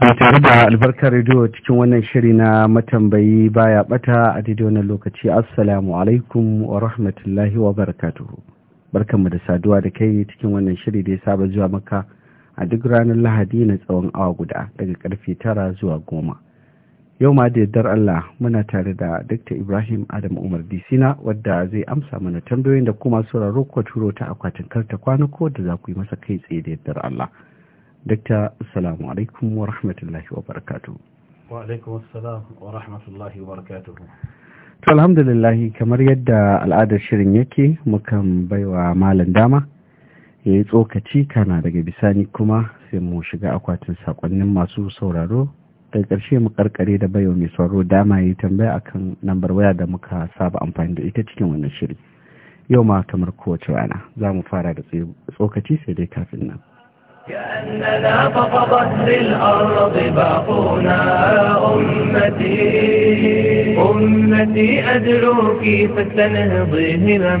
ba tare da albarkar rediyo cikin wannan shiri na matambayi baya bata a daidai wannan lokaci assalamu alaikum wa rahmatullahi wa barakatuhu barkanmu da saduwa da kai cikin wannan shiri da ya saba zuwa maka a duk ranar lahadi na tsawon awa guda daga karfe tara zuwa goma yau ma da yardar Allah muna tare da Dr. Ibrahim Adam Umar Disina wadda zai amsa mana tambayoyin da kuma sauraro ko turo ta akwatin karta ko da za ku yi masa kai tsaye da yardar Allah. dakta assalamu alaikum wa rahmatullahi wa barakatu wa alaikum assalam wa rahmatullahi wa barakatu to alhamdulillah kamar yadda al'adar shirin yake mukan baiwa malam dama ya yi tsokaci kana daga bisani kuma sai mu shiga akwatin sakonnin masu sauraro daga ƙarshe mu karkare da baiwa mai sauraro dama ya yi tambaya akan lambar waya da muka saba amfani da ita cikin wannan shiri yau ma kamar kowace rana za mu fara da tsokaci sai dai kafin nan كأننا فقدت للأرض باقونا أمتي أمتي أدعوك فلتنهضي همما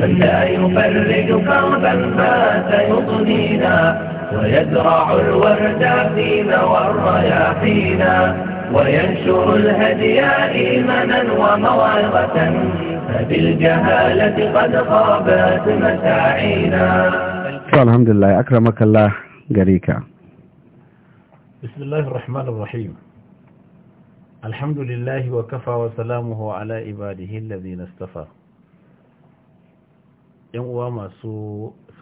من لا يفرج كربا ما يطنينا ويزرع الورد فينا والرياحينا وينشر الهدي إيمانا وموعظة فبالجهالة قد خابت مساعينا to alhamdulillah akramakallah gare ka bismillahir rahmanir rahim alhamdulillah wa kafa wa salamuhu ala ibadihi alladhina istafa yan uwa masu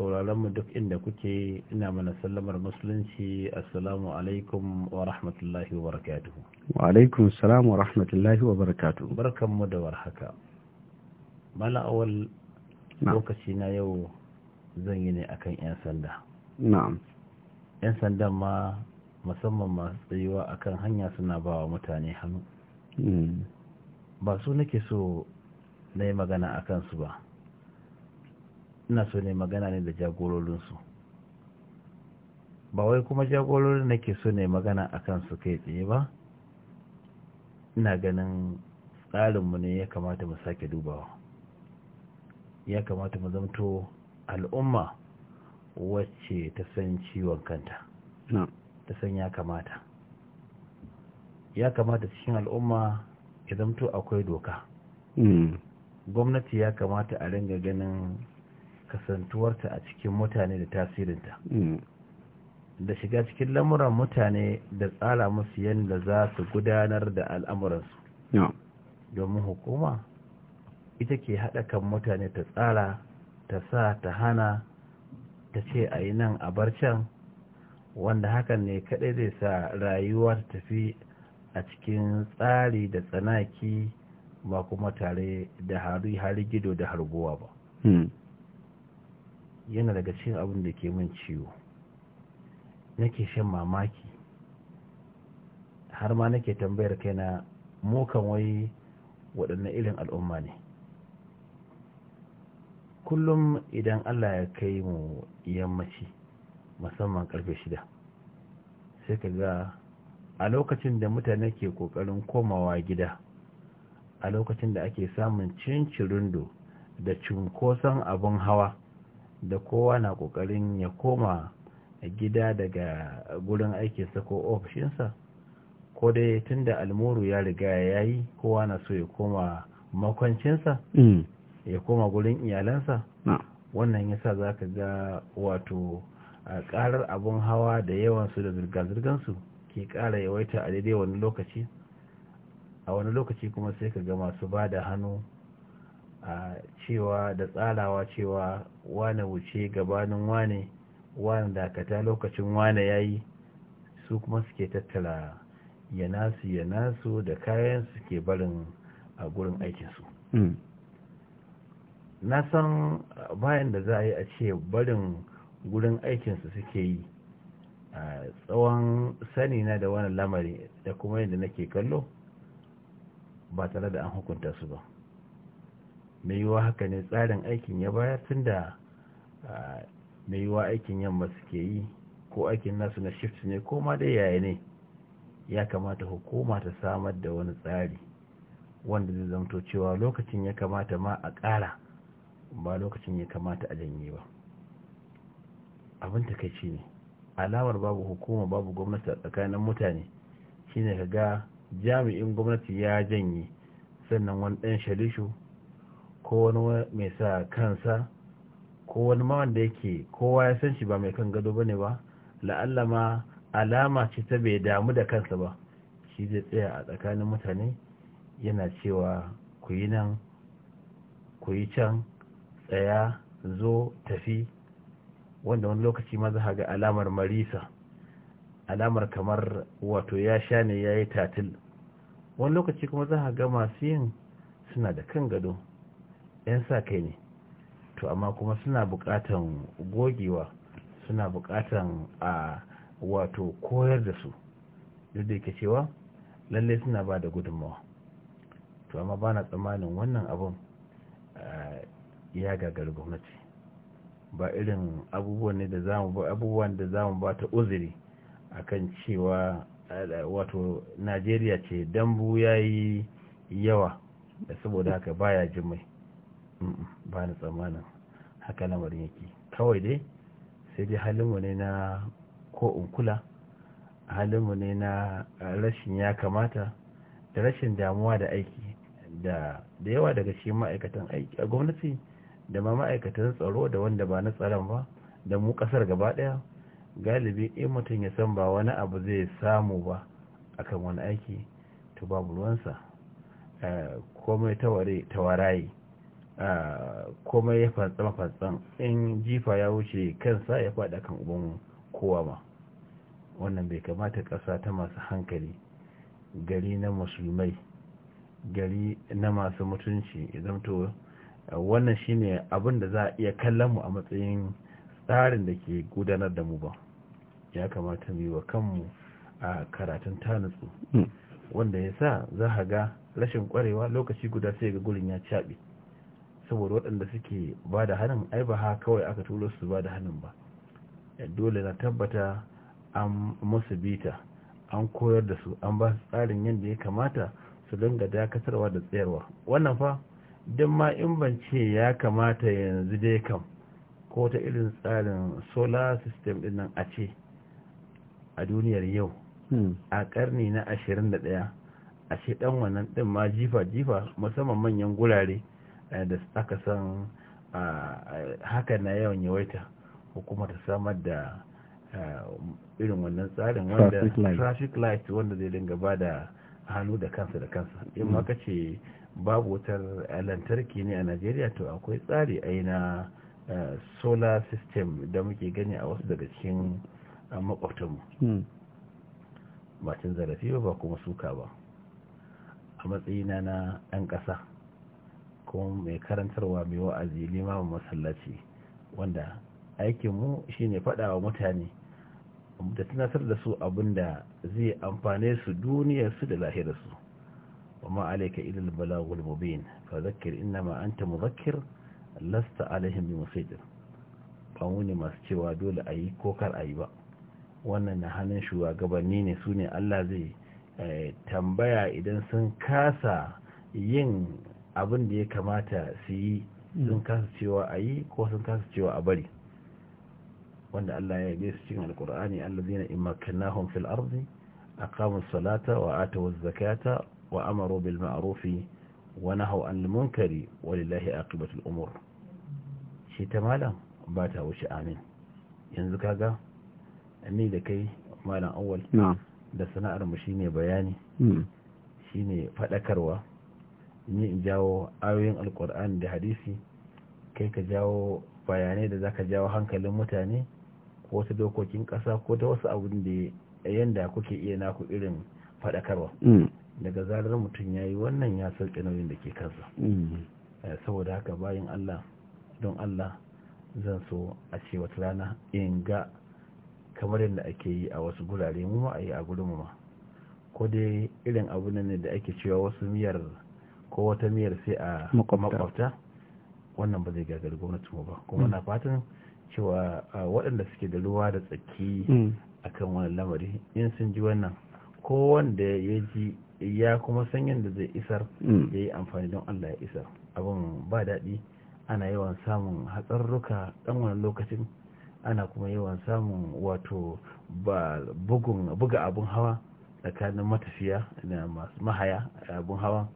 sauraron mu duk inda kuke ina mana sallamar musulunci assalamu alaikum wa rahmatullahi wa barakatuhu wa alaikum salam wa rahmatullahi wa barakatuhu barkanmu da warhaka mala awal lokaci na yau zan yi ne a kan 'yan sanda na'am 'yan sandan ma musamman masu tsayuwa kan hanya suna ba wa mutane hannu mm. ba su nake so na yi magana a kansu ba ina so ne magana ne da jagororinsu ba wai kuma jagororin nake so ne magana a kansu kai tsaye ba ina ganin tsarinmu ne ya kamata mu sake dubawa ya kamata mu zamto al'umma wacce ta san ciwon kanta ta san ya kamata ya kamata cikin al'umma ya zamto akwai doka hmm. gwamnati ya kamata a ringa ganin kasantuwarta a cikin mutane da tasirinta hmm. da shiga cikin lamuran mutane da tsara musu yadda za su gudanar da al'amuransu domin hukuma ita ke haɗa kan mutane ta tsara ta sa ta hana ta ce a yi nan a bar can wanda hakan ne kaɗai zai sa rayuwa ta tafi a cikin tsari da tsanaki ba kuma tare da hari hari gido da harguwa ba hmm. yana daga cikin abin da ke min ciwo nake shan mamaki har ma nake tambayar kaina mukan wai waɗanne irin al'umma ne kullum idan allah ya kai mu yammaci musamman karfe shida sai ka ga a lokacin da mutane ke kokarin komawa gida a lokacin da ake samun cincirindo da cunkoson abin hawa da kowa na kokarin ya koma gida daga gurin aikinsa ko ofishinsa ko dai tun da almuru ya riga ya yi kowa na so ya koma makwancinsa mm. ya koma gurin iyalansa wannan yasa za ka ga wato karar abun hawa da yawansu da zirga-zirgansu ke kara yawaita a daidai wani lokaci a wani lokaci kuma sai ka ga masu ba da hannu a cewa da tsarawa cewa wane wuce gabanin wane wane dakata lokacin wane ya yi su kuma suke tattara yana su yana su da kayan suke barin a gurin aikinsu mm. na san bayan da za a yi a ce barin gurin aikinsu suke yi a tsawon sani na da wani lamari da kuma yadda nake kallo ba tare da an hukunta su ba mai yiwuwa haka ne tsarin aikin ya bayar tun da mai yiwuwa aikin yamma suke yi ko aikin nasu na shift ne ko ma dai yaya ne ya kamata hukuma ta samar da wani tsari wanda zai zamto cewa lokacin ya kamata ma a ƙara ba lokacin ya kamata a janye ba abin takaici ne alamar babu hukuma babu gwamnati a tsakanin mutane shine ka ga jami'in gwamnati ya janye sannan wani ɗan shalishu ko wani mai sa kansa ko wani ma wanda yake kowa ya san shi ba mai kan gado bane ba la'alla ma alama ce ta bai damu da kansa ba shi zai tsaya a tsakanin mutane yana cewa ku yi nan ku yi can tsaya zo tafi wanda wani lokaci ma za ga alamar marisa alamar kamar wato ya sha ne ya yi tatil wani lokaci kuma za ga masu yin suna da kan gado 'yan sa kai ne to amma kuma suna bukatan gogewa suna bukatan a wato koyar da su duk da yake cewa lalle suna ba da gudunmawa to amma ba na tsammanin wannan abun ya gagari gwamnati ba irin abubuwan da zamu ba ba ta uzuri akan cewa wato Najeriya ce dambu yi yawa da saboda haka baya jimai ba na tsammanin haka lamarin yake kawai dai sai dai halinmu ne na ko unkula halinmu ne na rashin ya kamata da rashin damuwa da aiki da da yawa daga cikin ma'aikatan aiki a gwamnati da ma ma'aikatan tsaro da wanda ba na tsaron ba da mu kasar gaba daya galibi in mutum ya san ba wani abu zai samu ba akan wani aiki to babu ruwansa eh, komai tawaraye eh, komai ya fatsa fantsan in jifa ya wuce kansa ya faɗa kan uban kowa ma wannan bai kamata ƙasa ta masu hankali gari na musulmai gari na masu mutunci idan to wannan shine abin da za a iya kallon mu a matsayin tsarin da ke gudanar da mu ba ya kamata mu yi wa kanmu a karatun tanutsu hmm. wanda ya sa za a ga rashin kwarewa lokaci guda sai ga gurin ya caɓe saboda waɗanda suke ba da hannun ai ba ha kawai aka tura su ba da hannun ba eh, dole na tabbata an musu bita an koyar da su an ba su tsarin yadda ya kamata su dinga dakatarwa da tsayarwa wannan fa don ma in ban ce ya kamata yanzu dai kam ko ta irin tsarin solar system din nan a ce a duniyar yau hmm. a karni na 21 a ce dan wannan din ma jifa-jifa musamman manyan gurare eh, da aka san haka na yawan yawaita hukuma ta samar da eh, irin wannan tsarin wanda traffic light wanda zai dinga ba da hannu da kansa da kansa in ma hmm. ka ce babu wutar eh, lantarki ne a najeriya to akwai tsari aina eh, solar system da muke gani a wasu daga cikin eh, makwatanmu hmm. ba cin zarafi ba ba kuma suka ba a matsayina na ɗan ƙasa kuma mai karantarwa mai wa'azi limamin masallaci wanda aikinmu shine ne wa mutane da tunatar da su abin da zai amfane su duniyarsu da lahirarsu وما عليك إلا البلاغ المبين فذكر إنما أنت مذكر لست عليهم بمسيطر kawuni masu cewa dole ayi yi ko kar a ba wannan na hannun shugabanni ne sune allah zai tambaya idan sun kasa yin abin da ya kamata su yi sun kasa cewa a ko sun kasa cewa a bari wanda allah ya yi su cikin alkur'ani allah zai na imakannahun fil arzi aqamu salata wa atu zakata وأمروا بالمعروف ونهوا عن المنكر ولله عاقبة الأمور shi ta malam ba ta wuce amin yanzu kaga ni da kai malam auwal da sana'ar mu shine bayani shine fadakarwa ni in jawo ayoyin alkur'ani da hadisi kai ka jawo bayanai da zaka jawo hankalin mutane ko ta dokokin kasa ko ta wasu abin da yanda kuke iya naku irin fadakarwa daga zarar mutum ya yi wannan ya sauke nauyin da ke kansa mm. eh, saboda haka bayan Allah don Allah zan so a ce wata rana in ga kamar yadda ake yi a wasu gurare mu a yi a gurin ma ko dai irin abu ne da ake cewa wasu miyar ko wata miyar sai a makwabta wannan ba zai gagari gwamnati mu ba kuma mm. na fatan cewa waɗanda suke da ruwa da tsaki mm. akan wani lamari in sun ji wannan ko wanda ya ji ya kuma san yadda zai isar hmm. ya yi amfani don Allah ya isar abin ba daɗi ana yawan samun hatsarruka ɗan wani lokacin ana kuma yawan samun wato buga abin hawa tsakanin matafiya da masu mahaya abin hawa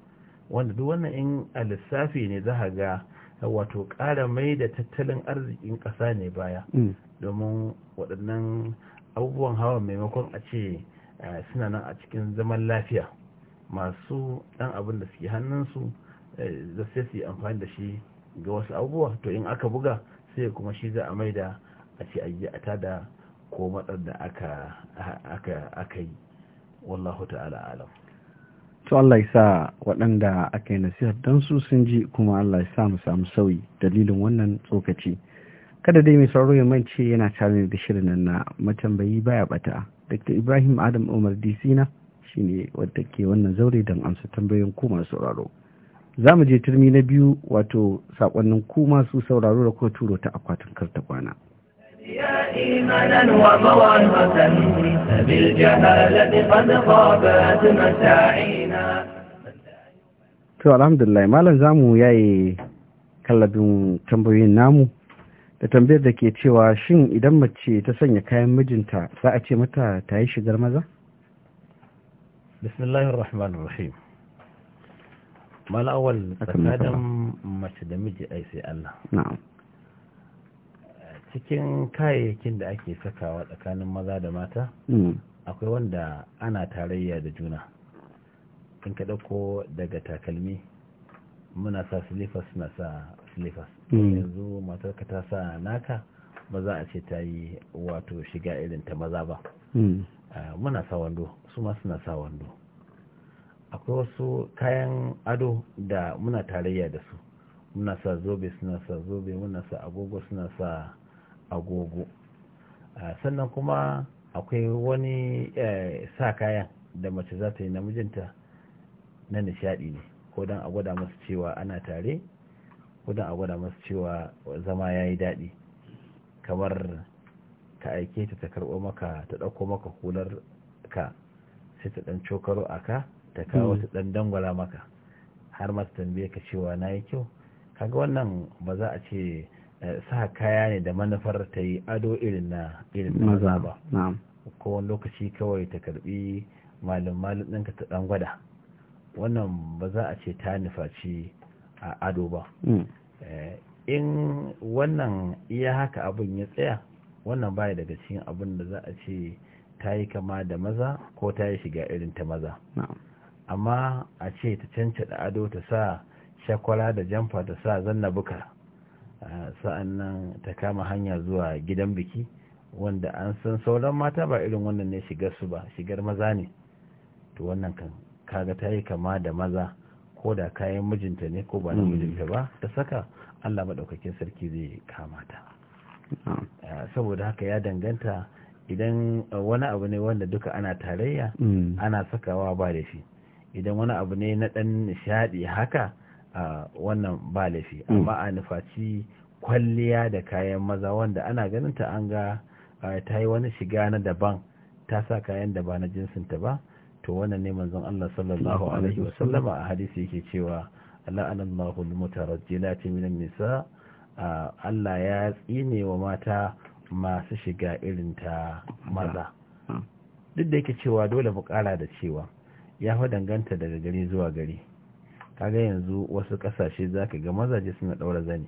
wanda duk wannan in a lissafi ne za a ga wato ƙara mai da tattalin arzikin ƙasa ne baya hmm. domin waɗannan abubuwan hawa maimakon a ce eh, suna nan a cikin zaman lafiya masu ɗan abin da suke hannunsu eh, da sai su yi amfani da shi ga wasu abubuwa to in aka buga sai kuma shi za a maida a ce ayi a tada ko matsar da aka yi wallahu ta'ala alam to Allah ya sa waɗanda aka yi nasihar don su sun ji kuma Allah ya sa mu samu sauyi dalilin wannan tsokaci kada dai mai sauraro ya mance yana tare da shirin nan na matambayi baya bata Dr. Ibrahim Adam Umar DC na shine wadda ke wannan zaure don amsa tambayoyin ku masu sauraro za mu je turmi na biyu wato saƙonnin ku masu sauraro da kuma turo ta akwatin karta kwana to alhamdulillah malam zamu yaye kallabin tambayoyin namu da tambayar da ke cewa shin idan mace ta sanya kayan mijinta za a ce mata ta yi shigar maza بسم الله الرحمن الرحيم ما الأول تكادم mace da miji ai sai Allah cikin kayayyakin da ake sakawa tsakanin maza da mata hmm. akwai wanda ana tarayya da juna in ka ɗauko daga takalmi muna sa silifas na sa silifas hmm. yanzu matarka ta sa naka ba za a ce ta yi wato shiga irin ta maza ba hmm. ah, muna sa wando su ma suna wando akwai wasu kayan ado da muna tarayya da su muna sa zobe suna sa zobe muna sa agogo suna sa agogo ah, sannan kuma akwai wani eh, sa kayan da mace za ta yi namijinta na nishadi ne ko don a gwada masu cewa ana tare ko don a gwada masu cewa zama ya yi daɗi kamar ka aike ta ta karɓo maka ta ɗauko maka hular ka sai ta dan cokaro aka ta kawo hmm. ta dan dangwala maka har ma su tambaye ka cewa na yi kyau kaga wannan ba za a ce eh, sa kaya ne da manufar ta yi ado irin na irin maza ba ko wani lokaci kawai ta karbi malin malin ɗinka ta dan gwada wannan ba za a ce ta nufaci a ado ba hmm. eh, in wannan iya haka abin ya tsaya wannan baya daga cikin abin da za a ce ta yi kama da maza ko ta yi shiga irin ta maza amma a ce ta da ado ta sa shakwara da jamfa ta sa zanna buka sa'annan ta kama hanya zuwa gidan biki wanda an san sauran mata ba irin wannan ne shigar su ba shigar maza ne to wannan kan kaga ta yi kama da maza ko da kayan mijinta ne ko ba na hmm. mijinta ba ta saka allah maɗaukakin sarki zai kama ta saboda haka ya danganta idan eh, wani abu ne wanda duka ana tarayya mm. ana sakawa ba laifi idan wani abu ne na dan nishadi haka ah, wannan ba laifi mm. amma a nufaci kwalliya da kayan maza wanda ana ganin ta an ga ah, ta yi wani shiga na daban ta sa kayan da ba na jinsinta ba to wannan ne manzon Allah sallallahu alaihi wasallama a hadisi yake cewa la'anallahu al-mutarajjilati minan nisa ah, Allah ya tsine wa mata masu shiga irin ta maza hmm. duk da yake cewa dole mu kara da cewa ya fa danganta daga gari zuwa gari kaga yanzu wasu kasashe ka ga mazaje suna daura zane.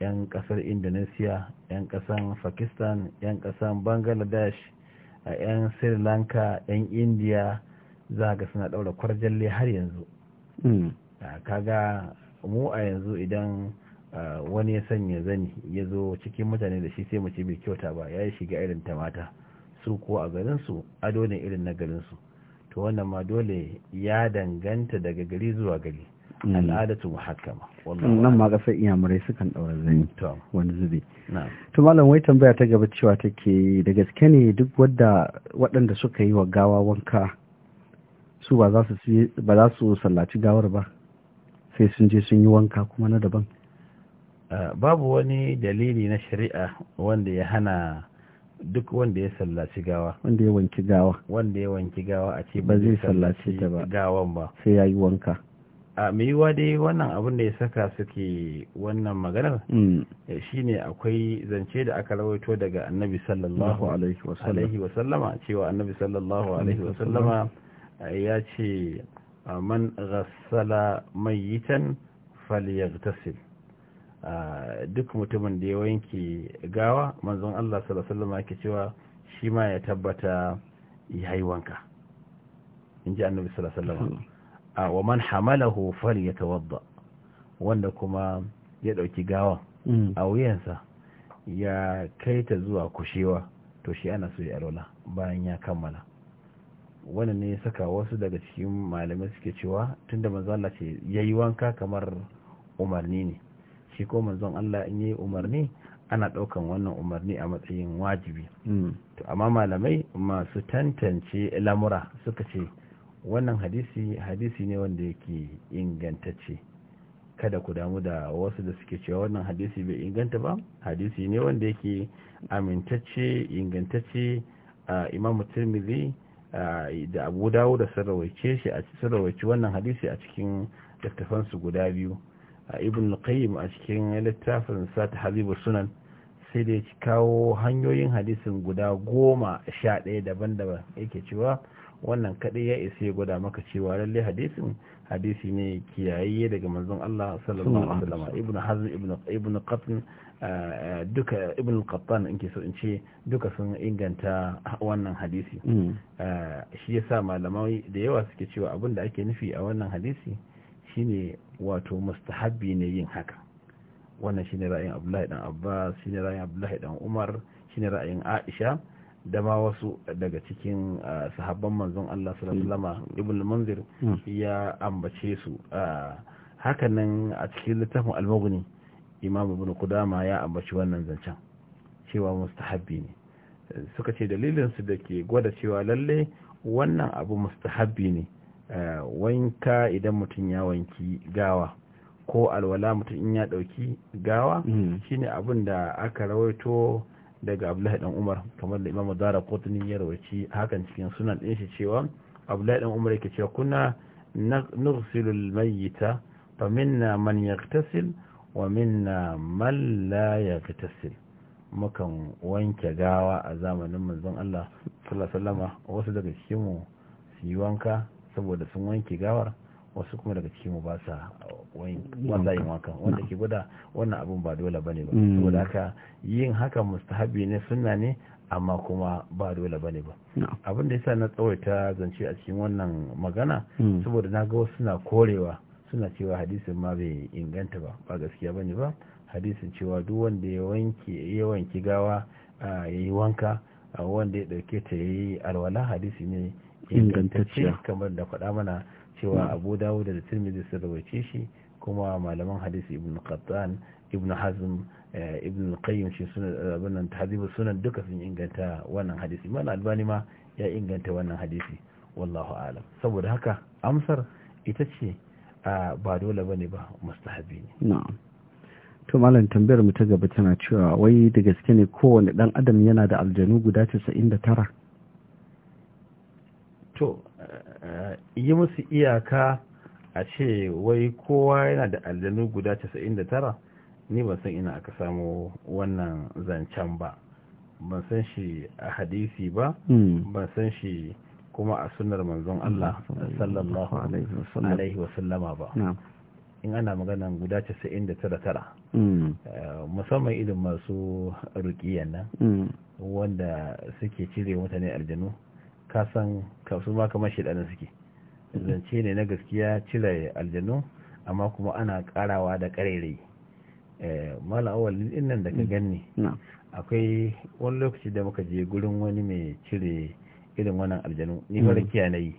yan kasar indonesia yan kasan pakistan yan kasan bangladesh a yan sri lanka yan za ka suna daura kwarjalle har yanzu hmm. kaga mu a yanzu idan wani ya sanya zani ya zo cikin mutane da shi sai mace bai kyauta ba ya yi shiga irin ta mata su kuwa a garinsu ado ne irin na garinsu to wannan ma dole ya danganta daga gari zuwa gari mm. al'adatu muhakkama mm, nan ma kasar iyamurai sukan daura zani wani zube to malam wai tambaya ta gaba cewa take da gaske ne duk wadda waɗanda suka yi wa gawa wanka su ba za su sallaci gawar ba sai sun je sun yi wanka kuma na daban Eh, babu wani dalili na shari'a wanda ya hana duk wanda ya sallaci gawa wanda ya wanki gawa wanda ya wanki gawa a ce ba zai sallaci ta ba gawan ba sai ya yi wanka a yiwuwa dai wannan abin da ya saka suke wannan maganar mm. eh, shine akwai zance da aka rawaito daga annabi sallallahu alaihi wasallama cewa annabi sallallahu alaihi wasallama eh, ya ce man ghassala mayitan falyaghtasil duk mutumin da ya wanke gawa manzon Allah sallallahu alaihi wasallam cewa shi ma ya tabbata ya yi wanka in ji annabi sallallahu alaihi wasallam wa man hamalahu falyatawadda wanda kuma ya dauki gawan hmm. a wuyansa ya kai ta zuwa kushewa to shi ana so ya alwala bayan ya kammala wannan ne saka wasu daga cikin malamai suke cewa tunda manzo Allah ce yayi wanka kamar umarni ne shi ko manzon Allah in yi umarni ana ɗaukan wannan umarni a matsayin wajibi hmm. to amma malamai masu tantance lamura suka ce wannan hadisi hadisi ne wanda yake ingantacce kada ku damu da wasu da suke cewa wannan hadisi bai inganta ba hadisi ne wanda yake amintacce ingantacce imam tirmidhi da abu dawo da sarrawaice shi a sarrawaice wannan hadisi a cikin littafansu guda biyu a ibn qayyim a cikin littafin sa Habibu sunan sai da ya kawo hanyoyin hadisin guda goma sha ɗaya daban-daban yake cewa wannan kaɗai ya isa ya gwada maka cewa lalle hadisin hadisi ne kiyaye daga manzon Allah sallallahu alaihi wasallam ibn hazm Ibn qatn duka Ibn qattan in so in ce duka sun inganta wannan hadisi mm. shi yasa malamai da yawa suke cewa abin da ake nufi a wannan hadisi shine wato mustahabbi ne yin haka wannan shine ra'ayin Abdullahi dan Abbas shine ra'ayin Abdullahi dan Umar shine ra'ayin Aisha da ma wasu daga cikin sahabban manzon Allah sallallahu alaihi Ibn Munzir hmm. ya ambace su nan a cikin littafin Al-Mughni Imam Ibn Qudama ya ambaci wannan zancen cewa mustahabbi ne suka ce dalilin su da ke gwada cewa lalle wannan abu mustahabbi ne Eh, wanka idan mutum ya wanki gawa ko alwala mutum in ya ɗauki gawa mm. shine abin da aka rawaito daga abdullahi dan umar kamar da imam zara kotuni ya rawaci hakan cikin sunan ɗin shi cewa abdullahi dan umar yake cewa kuna nursilul mayyita fa minna man yaktasil wa minna man la yaktasil mukan wanke gawa a zamanin manzon Allah sallallahu alaihi wasu daga cikin mu su yi wanka saboda sun wanke gawar wasu kuma daga cikin mu ba yin wankan wanda ke gwada wannan abin ba dole ba ne ba mm. saboda haka yin haka mustahabi ne sunna ne amma kuma ba dole ba ne ba abin da yasa na tsawaita zance a cikin wannan magana mm. saboda na ga wasu suna korewa suna cewa hadisin ma bai inganta ba ba gaskiya ba ne ba hadisin cewa duk wanda ya wanke ya wanki gawa ah, ya yi wanka ah, wanda ya dauke ta ya yi alwala hadisi ne ingantacciya kamar da faɗa mana cewa hmm. abu dawud da tirmidhi sun rawaice shi kuma malaman hadisi ibn qattan ibn hazm eh, ibn qayyim shi sunan abin tahdibu sunan duka sun inganta wannan hadisi mana albani ma ya inganta wannan hadisi wallahu alam saboda haka amsar ita ce ba dole bane ba mustahabi ne na'am to malam tambayar mu ta gaba tana cewa wai da gaske ne kowane dan adam yana da aljanu guda 99 to eh, yi musu iyaka a ce wai kowa yana da aljanu guda 99 ni ban san ina aka samu wannan zancen ba ban san shi a hadisi ba hmm. ban san shi kuma a sunar manzon Allah sallallahu alaihi wasallama ba in ana maganan guda 99 hmm. eh, musamman idin masu rukiyar nan hmm. wanda suke cire mutane aljanu ka san kafin ma kamar shaidanin suke zance ne na gaskiya cire aljanu amma kuma ana karawa da karerai eh, mala awal din da ka mm, ganni akwai wani lokaci da muka je gurin wani mai cire irin wannan aljanu ni farin mm. kiya na yi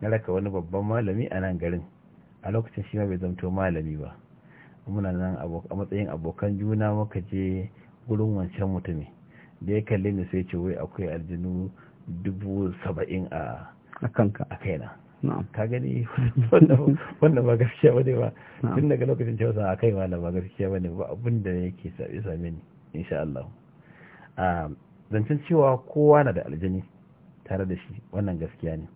na raka wani babban malami a nan garin a lokacin shi ma bai zamto malami ba muna nan a matsayin abokan juna muka je gurin wancan mutumin da ya kalli ni sai ce wai akwai aljanu dubu saba'in a kanka a kaina ka gani wannan ba gaskiya ne ba tun daga lokacin cewa a kai ma ba gaskiya ne ba abin da yake sabi same ni insha Allah zancen cewa kowa na da aljani tare da shi wannan gaskiya ne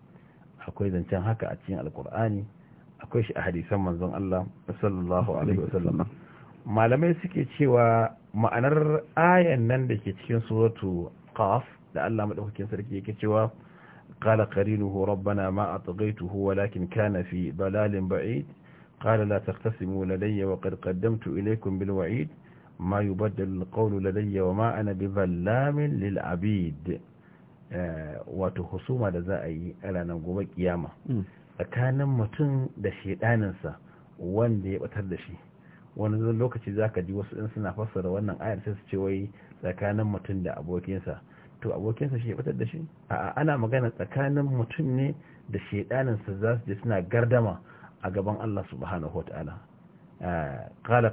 akwai zancen haka a cikin alkur'ani akwai shi a hadisan manzon Allah sallallahu alaihi wasallam malamai suke cewa ma'anar ayan nan da ke cikin suratu qaf da Allah madaukakin sarki yake cewa qala qarinuhu rabbana ma atghaytuhu walakin kana fi dalalin ba'id qala la taqtasimu ladayya wa qad qaddamtu ilaykum bil wa'id ma yubaddal al qawlu ladayya ma ana bi dhallamin lil eh, wato husuma da za a yi a ranar gobe kiyama hmm. tsakanin mutum da shedaninsa wanda ya batar da shi wani lokaci za ka ji wasu in suna fassara wannan ayar ce wai tsakanin mutum da abokinsa to abokinsa shi ya batar da shi a'a ana magana tsakanin mutum ne da shaidaninsa za su je suna gardama a gaban Allah subhanahu wataala eh, qala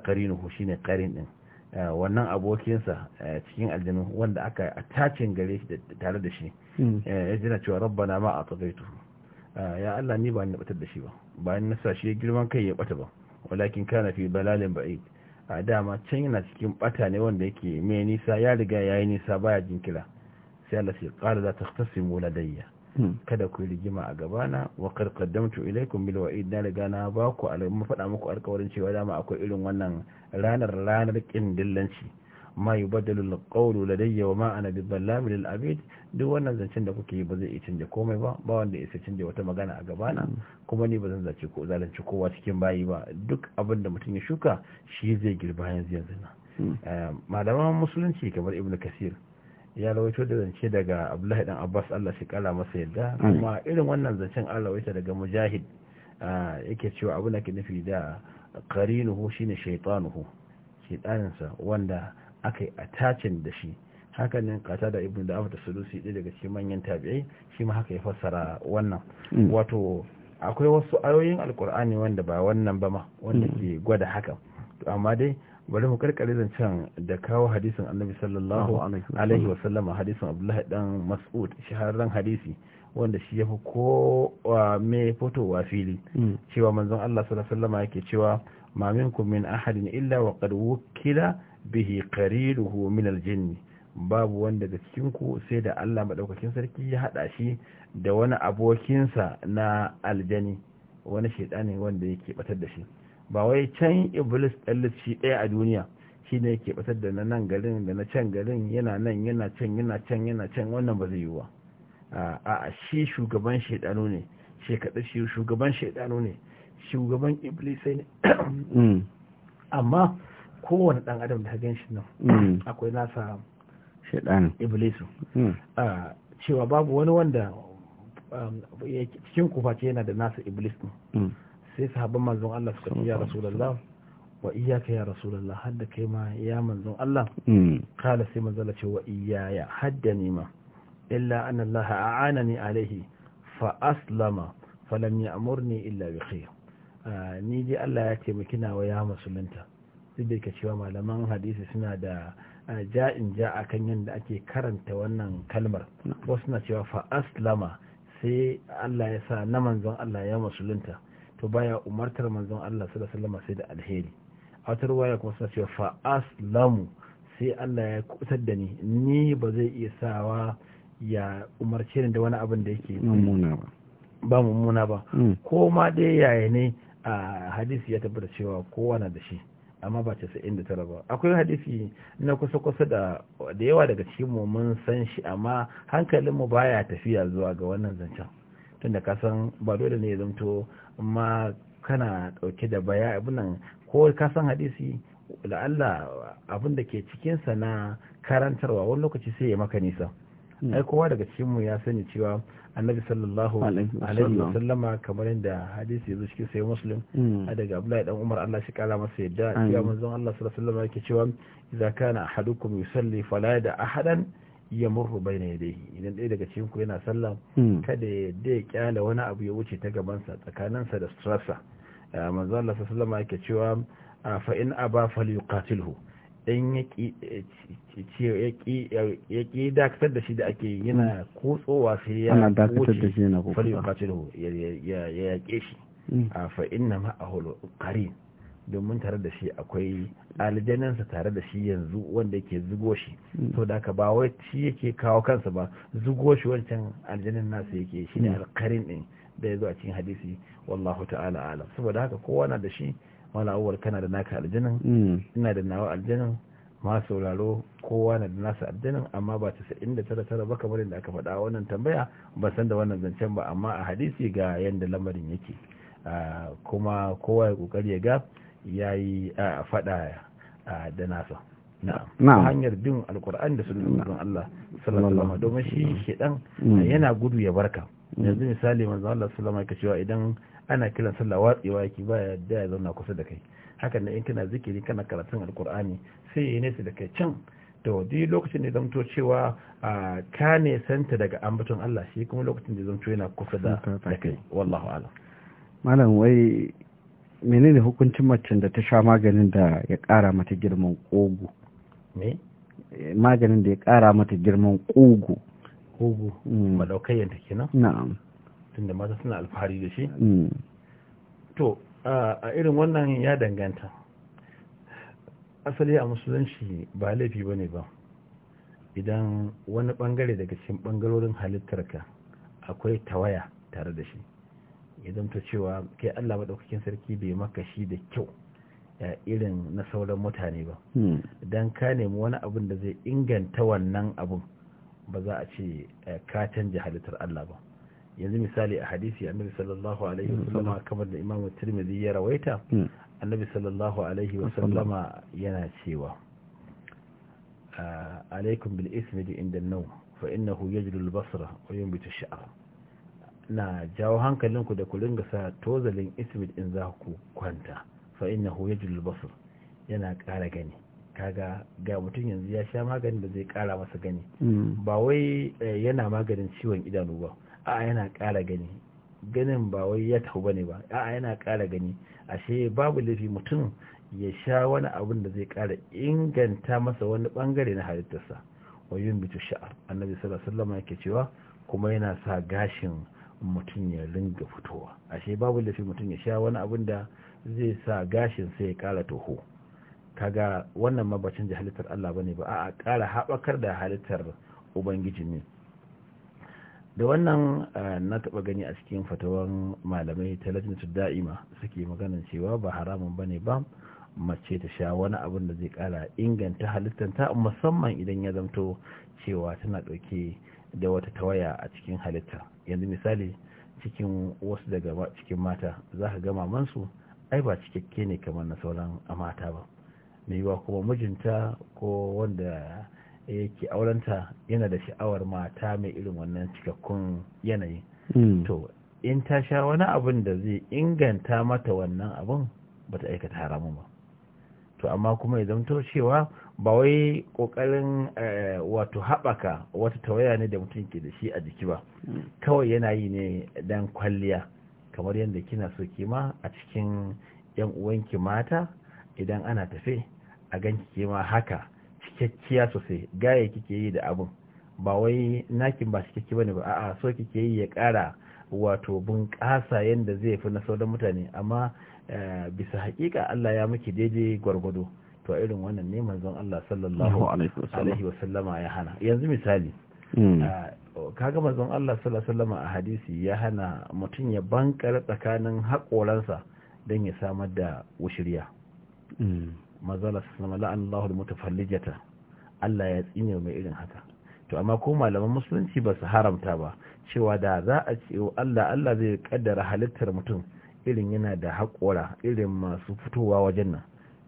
shi ne qarin din eh, wannan abokinsa eh, cikin aljinu wanda aka attacin gare shi tare da shi hmm. ya jira cewa rabbana ma atagaitu ya Allah ni ba ni batar da shi ba bayan nasa shi girman kai ya bata ba walakin kana fi balalin ba'i a dama can yana cikin bata ne wanda yake mai nisa ya riga yayi nisa baya jinkira sai Allah sai qala la takhtasimu ladayya kada ku yi rigima a gabana wa qad qaddamtu ilaykum bil wa'id na riga na ba ku alamu faɗa muku cewa dama akwai irin wannan ranar ranar kin dillanci ma yubaddalu alqawlu ladayya wa ma ana bidallami lil abid duk wannan zancen da kuke yi ba zai iya canja komai ba ba wanda ya canja wata magana a gabana kuma ni ba zan zace ko zalunci kowa cikin bayi ba duk abin da mutum ya shuka shi zai girba yanzu yanzu na malaman musulunci kamar ibnu kasir ya rawaito da zance daga abdullahi dan abbas allah shi kala masa yadda kuma irin wannan zancen an rawaita daga mujahid yake cewa abu na ke nufi da karinuhu shine shaitanuhu shaitaninsa wanda aka yi attachin da shi hakanin kata da ibn da afta sulusi ɗaya daga cikin manyan tabi'ai shi ma haka ya fassara wannan mm. wato akwai wasu ayoyin alkur'ani wanda ba wannan ba ma wanda ke gwada haka amma dai bari mu karkare zancen da kawo hadisin annabi sallallahu alaihi wa sallama hadisin abdullahi dan mas'ud shahararren hadisi wanda shi ya fi ko me fotowa fili hmm. cewa manzon Allah sallallahu alaihi wasallama yake cewa ma minkum min ahadin illa wa qad wukila bihi qariruhu min al babu wanda da cikin ku sai da Allah madaukakin sarki ya hada shi da wani abokinsa na aljani wani shedani wanda yake batar da shi ba wai can iblis ɗallis shi ɗaya a duniya shi ne ke ɓatar da na nan garin da na can garin yana nan yana can yana can yana can wannan ba zai yi wa a shi shugaban shaidanu ne shi kaɗa shi shugaban shaidanu ne shugaban iblis ne mm. amma kowane ɗan adam da hagan shi nan mm. akwai nasa shaidan iblisu mm. cewa babu wani wanda um, cikin ce yana da nasa iblis ne sai sahabban manzon Allah suka ce ya rasulullah wa iyyaka ya rasulullah da kai ma ya manzon Allah hmm. kala sai manzon Allah ce wa iyaya da ni ma illa anna Allah a'anani alaihi fa aslama lam ya'murni illa bi khair ah, ni dai Allah ya taimaki nawa ya musulunta duk da cewa malaman hadisi suna da ah, ja'in ja akan yadda ake karanta wannan kalmar hmm. wasu na cewa fa aslama sai Allah ya sa na manzon Allah ya musulunta to baya umartar manzon Allah sallallahu alaihi wasallam sai da alheri a wata ruwaya kuma suna cewa fa aslamu sai Allah ya kusar da ni ni ba zai iya sawa ya umarce ni da wani abin da yake mummuna ba ba mummuna ba mm. ko ma dai yaya ne a hadisi ya tabbata cewa kowa na da shi amma ba casa'in da tara ba akwai hadisi na kusa kusa da da yawa daga cikin mu mun san shi amma hankalin mu baya tafiya zuwa ga wannan zancen tunda ka san ba dole ne ya zamto amma kana dauke da baya abin nan ko ka san hadisi la'alla abin da ke cikinsa na karantarwa wani lokaci sai ya maka nisa hmm. ai kowa daga cikin mu ya sani cewa annabi sallallahu alaihi wa sallama kamar yadda hadisi yazo cikin sai muslim hmm. a daga abdullahi dan umar Allah shi kala masa yadda cewa manzon Allah sallallahu alaihi wa sallama yake cewa idza kana ahadukum yusalli fala da ahadan ya murru bayna yadayhi idan ɗaya daga cikin ku yana sallah hmm. kada ya yadda ya kyale wani abu ya wuce ta gabansa tsakaninsa da strasa eh, manzo Allah sa sallama yake cewa a fa in aba falyuqatilhu ɗan ya ki eh, dakatar da shi da ake yana hmm. kotsowa sai ya wuce da shi yana ya yaƙe shi hmm. a fa'in na ma'ahu ƙarin. domin tare da shi akwai aljanansa tare da shi yanzu wanda yake zugo shi to hmm. da ka ba wai shi yake kawo kansa ba zugo shi wancan aljanin nasa yake shi ne hmm. alkarin din da ya zo a cikin hadisi wallahu ta'ala alam saboda haka kowa na da shi mala awwal kana da naka aljanin hmm. ina da nawa aljanin ma sauraro kowa na da nasa aljanin amma ba ta sa'in da tara tara ba kamar yadda aka faɗa wannan tambaya ba san da wannan zancen ba amma a hadisi ga yadda lamarin yake ah, kuma kowa ya kokari ya ga ya yi faɗa da nasa na hanyar bin alkur'ani da sunan manzon Allah sallallahu domin shi mm. yana gudu ya barka mm. yanzu misali manzon Allah sallallahu alaihi cewa idan ana kiran sallah watsewa yake ba ya da ya zauna kusa da kai hakan ne in kana zikiri kana karatun alkur'ani sai ya nesa da kai can to duk lokacin da ya zamto cewa ka ne santa daga ambaton Allah shi kuma lokacin da ya zamto yana kusa da kai wallahu alam malam wai menene hukuncin macen da ta sha maganin da ya kara mata girman kogo me maganin da ya kara mata girman kogo kogo mm. madaukayyar yadda kenan na'am tunda mata suna alfahari da shi mm. to a irin wannan ya danganta asali a musulunci ba laifi ba ne ba idan wani bangare daga cikin bangarorin halittarka akwai tawaya tare da shi ya ta cewa kai Allah maɗaukakin sarki bai maka shi da kyau irin na sauran mutane ba hmm. don ka nemi wani abin da zai inganta wannan abin ba za a ce eh, ka canja halittar Allah ba yanzu misali a hadisi annabi sallallahu alaihi hmm. wasallama kamar da imamu tirmidhi ya rawaita hmm. annabi sallallahu alaihi wasallama yana cewa ah, alaikum bil ismi inda nau fa innahu yajlu al basra wa yunbitu ash-sha'r na jawo hankalinku da ku ringa sa tozalin ismid in za ku kwanta fa hu yajlul basir yana ƙara gani kaga ga mutum yanzu ya sha maganin da zai ƙara masa gani mm. ba wai eh, yana maganin ciwon idanu ba a yana ƙara gani ganin ba wai ya tafi bane ba a yana ƙara gani ashe babu laifi mutum ya sha wani abin da zai ƙara inganta masa wani bangare na halittarsa wayun bitu sha'ar annabi sallallahu alaihi wasallam yake cewa kuma yana sa gashin mutum ya ringa fitowa ashe babu lafi mutum ya sha wani abin da zai sa gashin sai ya kara toho kaga wannan mabacin da halittar Allah bane ba a kara haɓakar da halittar ubangiji ne da wannan na taɓa gani a cikin fatawan malamai ta lajinatu da'ima suke maganin cewa ba haramun bane ba mace ta sha wani abin da zai kara inganta halittanta musamman idan ya zamto cewa tana ɗauke da wata tawaya a cikin halitta yanzu misali cikin wasu daga cikin mata za ka gama mansu ai ba cikakke ne kamar na sauran a mata ba mai yiwa kuma mijinta ko wanda yake aurenta yana da sha'awar mata mai irin wannan cikakkun yanayi hmm. to in ta sha wani abin da zai inganta mata wannan abin ba ta aikata haramun ba to amma kuma ya zamto cewa ba wai kokarin eh, wato haɓaka wata tawaya ne da mutum ke da shi a jiki ba kawai yana yi ne dan kwalliya kamar yadda kina so kima a cikin yan uwanki mata idan ana tafe a ganki kima haka cikakkiya sosai gaya kike yi da abin ba wai nakin ba ba ne ba a'a so kike yi ya ƙara wato bunƙasa yadda zai fi na sauran mutane amma eh, bisa haƙiƙa Allah ya miki daidai gwargwado to irin wannan ne manzon Allah sallallahu alaihi wasallam ya hana yanzu misali hmm. kaga manzon Allah sallallahu alaihi wasallam a hadisi ya hana mutum ya bankar tsakanin haƙoransa don ya samar da wushiriya hmm. mazala sallama la'an Allahu mutafallijata Allah ya tsine mai irin haka to amma ko malaman musulunci ba su haramta ba cewa da za a ce Allah Allah zai kaddara halittar mutum irin yana da haƙora irin masu fitowa wajen nan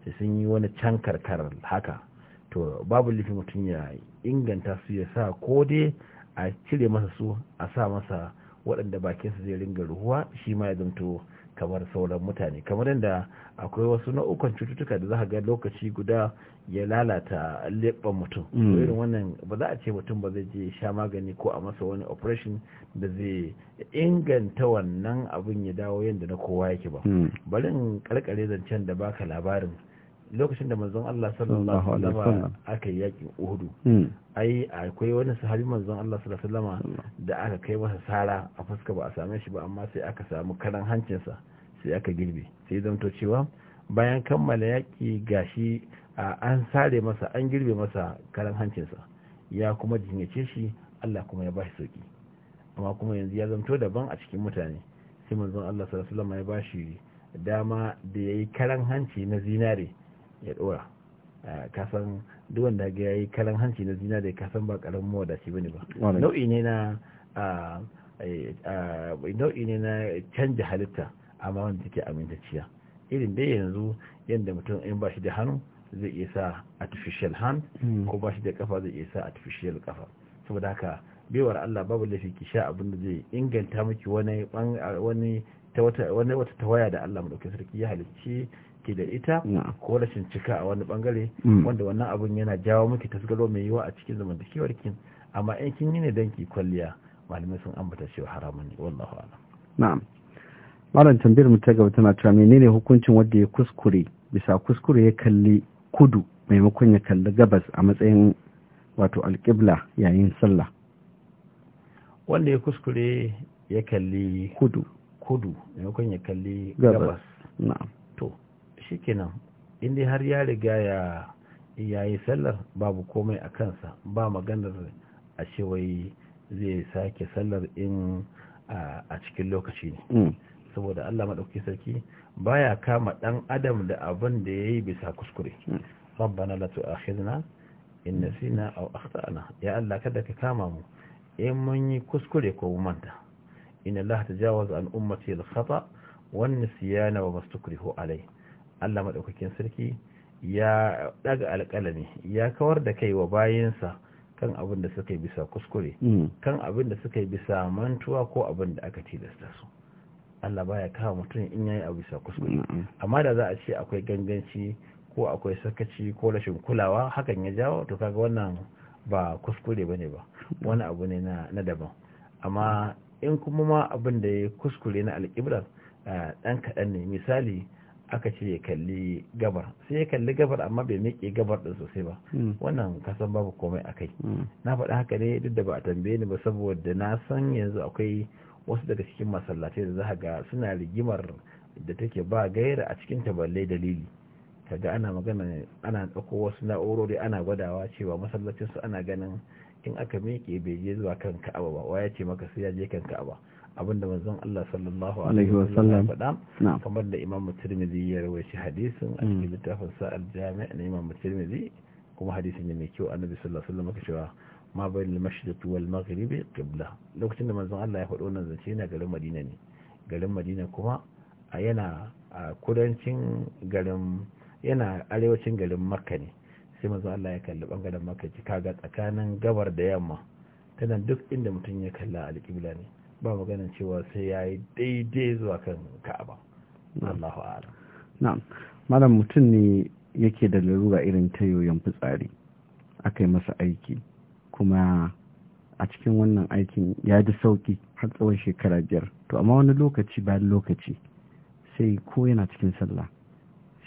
da sun yi wani can karkar haka to babu lifi mutum ya inganta su ya sa ko dai a cire masa su a sa masa waɗanda bakinsa zai ringa ruhuwa shi ma ya zanto kamar sauran mutane kamar yadda akwai wasu nau'ukan cututtuka da za ga lokaci guda ya lalata leɓɓan mutum mm. irin wannan ba za a ce mutum ba zai je sha magani ko a masa wani operation da zai inganta wannan abin ya dawo yadda na kowa yake ba mm. barin karkare zancen da baka labarin lokacin da manzon Allah sallallahu alaihi wasallam aka yi yakin Uhudu hmm. ai akwai wani sahabi manzon Allah sallallahu alaihi wasallam da aka kai masa sara a fuska ba a same shi ba amma sai aka samu karan hancinsa sai aka girbe sai zanto cewa bayan kammala yaki gashi an sare masa an girbe masa karan hancinsa ya kuma jinyace shi Allah kuma ya bashi sauki amma kuma yanzu ya zanto daban a cikin mutane sai manzon Allah sallallahu alaihi wasallam ya bashi dama da yayi karan hanci na zinare ya dora kasan duk wanda ga yi kalan hanci na zina da kasan ba karamin mawadaci bane ba nau'i ne na nau'i ne na canja halitta amma wanda take amintacciya irin dai yanzu yadda mutum in ba shi da hannu zai iya sa artificial hand hmm. ko ba shi da kafa zai iya sa artificial kafa saboda haka baiwar Allah babu laifi ki sha abin da zai inganta miki wani wani ta wata tawaya da Allah mu dauke sarki ya halicci ke da ita ko rashin cika a wani bangare mm. wanda wannan abun yana jawo miki tasgaro mai yiwa a cikin zamantakewar kin amma in kin yi ne dan ki kwalliya malamai sun ambata cewa haramun ne wallahu na'am malam tambayar mu ta gaba tana cewa menene hukuncin wanda ya kuskure bisa kuskure ya kalli kudu maimakon ya kalli gabas a matsayin wato alƙibla yayin sallah wanda ya kuskure ya kalli kudu kudu maimakon ya kalli gabas na'am shikenan inda har ya riga ya yayi sallar babu komai a kansa ba maganar a cewai zai sake sallar in a cikin lokaci ne mm. saboda Allah maɗauki sarki baya kama ɗan adam da abin da ya yi bisa kuskure mm. rabbana la tu'akhidna in nasina aw akhtana ya Allah kada ka kama mu in mun yi kuskure ko mu manta ina Allah tajawaza an ummati al-khata wan nisyana wa mastukrihu alayhi Allah maɗaukakin sarki ya ɗaga alƙalami ya kawar da kai wa bayansa kan abin da suka yi bisa kuskure hmm. kan abin da suka yi bisa mantuwa ko abin da aka tilasta su Allah baya kawo mutum in yayi a bisa kuskure hmm, hmm. amma da za a ce akwai ganganci ko akwai sakaci ko rashin kulawa hakan ya jawo to kaga wannan ba kuskure bane ba wani abu ne na daban amma in kuma ma abin da ya kuskure na alƙiblar eh, ɗan kaɗan ne misali aka ce ya kalli gabar sai ya kalli gabar amma bai miƙe gabar ɗin sosai ba hmm. wannan kasan babu komai a kai hmm. na faɗi haka ne duk da ba a tambaye ni ba saboda na san yanzu akwai wasu daga cikin masallatai da za ga suna rigimar da take ba gaira a cikin taballe dalili kaga ana magana ana ɗauko wasu na'urori ana gwadawa cewa masallacin su ana ganin in aka miƙe bai je zuwa kan ka'aba ba wa ya ce maka sai ya je kan ka'aba abinda manzon Allah sallallahu alaihi wasallam faɗa kamar da Imam Tirmidhi ya rawaita hadisin a cikin mm. littafin sa al-Jami' na Imam Tirmidhi kuma hadisi ne mai kyau annabi sallallahu alaihi wasallam cewa ma bayin al-mashriq wal maghrib qibla lokacin da manzon Allah ya faɗo wannan zance yana garin Madina ne garin Madina kuma a yana a kudancin garin yana arewacin garin Makka ne sai manzon Allah ya kalli bangaren Makka kaga tsakanin gabar da yamma tana duk inda mutum ya kalla al-qibla ne ba maganin cewa sai ya yi daidai zuwa kan ka'aba Allahu na'am malam mutum ne yake da larura irin ta fitsari aka masa aiki kuma a cikin wannan aikin ya ji sauki har tsawon shekara biyar to amma wani lokaci bayan lokaci sai ko yana cikin sallah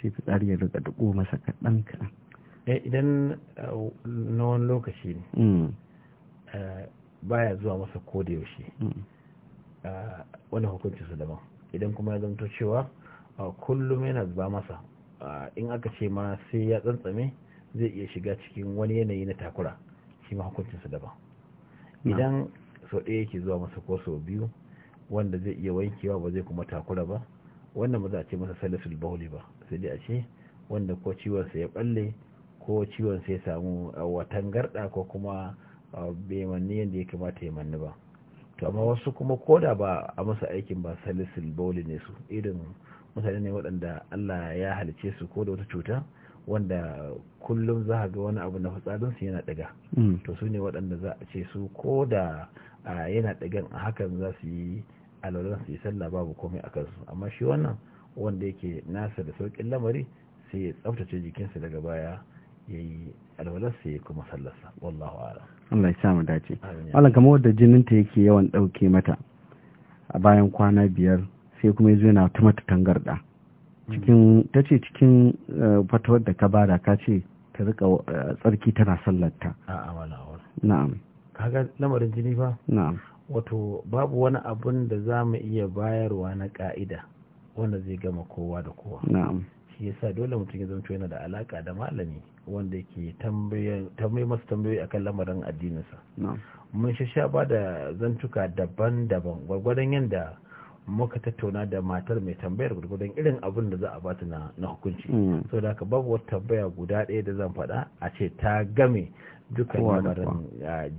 sai fitsari ya riga duko masa kaɗan kaɗan eh, idan eh, na wani lokaci ne mm. eh, baya zuwa masa ko da yaushe mm. wani hukunci su daban idan kuma ya zanto cewa kullum yana zuba masa in aka ce ma sai ya tsantsame zai iya shiga cikin wani yanayi na takura shi ma hukuncinsa daban idan sau ɗaya yake zuwa masa ko sau biyu wanda zai iya wankewa ba zai kuma takura ba wannan ba za a ce masa salisul bauli ba sai dai a ce wanda ko ciwon ciwonsa ya balle ko ciwon ciwonsa ya samu watan garɗa ko kuma bai manni yadda ya kamata ya manni ba to amma wasu kuma koda ba a masa aikin ba salisil bauli ne su irin mutane ne waɗanda Allah ya halice su ko da wata cuta wanda kullum za ga wani abu na su yana daga hmm. to su ne waɗanda za a ce su ko da yana dagan a hakan za su yi alwalar su yi sallah babu komai a kansu amma shi wannan wanda yake nasa da saukin lamari sai ya tsaftace jikinsa daga baya ya yi ya kuma sallarsa wallahu ala Allah ya mu dace Allah kamar wadda jininta yake yawan ɗauke mata a bayan kwana biyar sai kuma yazo yana ta mata tangarda cikin ta cikin eh, fatawar da ka bada ka ce ta rika eh, tsarki tana sallarta a wala wala na'am kaga lamarin jini fa na'am wato babu wani abun da za mu iya bayarwa na ka'ida wanda zai gama kowa da kowa na'am shi yasa dole mutum ya zama yana da alaka da malami wanda yake tambayi masu tambayoyi akan lamarin addininsa mun sha ba da zantuka daban-daban gwargwadon yadda muka tattauna da matar mai tambayar gwargwadon irin abin da za a ta na hukunci mm. so da haka babu wata tambaya guda ɗaya da zan faɗa a ce ta game dukkan lamarin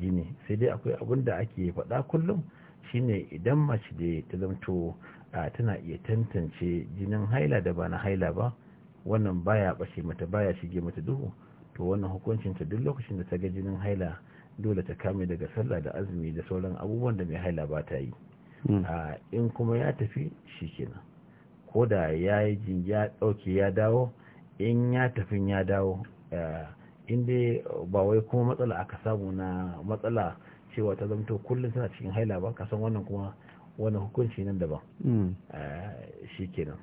jini sai dai akwai abin da ake faɗa kullum shine idan mace da ta zamto tana iya tantance jinin haila da ba na haila ba wannan baya ɓace mata baya shige mata duhu to wannan hukuncin ta duk lokacin da ta ga jinin haila dole ta kame daga sallah da azumi da sauran abubuwan da mai haila ba ta yi hmm. in kuma ya tafi shi kenan ko da ya yi jin ya ɗauke ya dawo in ya tafin ya dawo in dai ba wai kuma matsala aka samu na matsala cewa ta zamto kullum tana cikin haila ba kasan wannan kuma wani hukunci nan daban hmm. shi kenan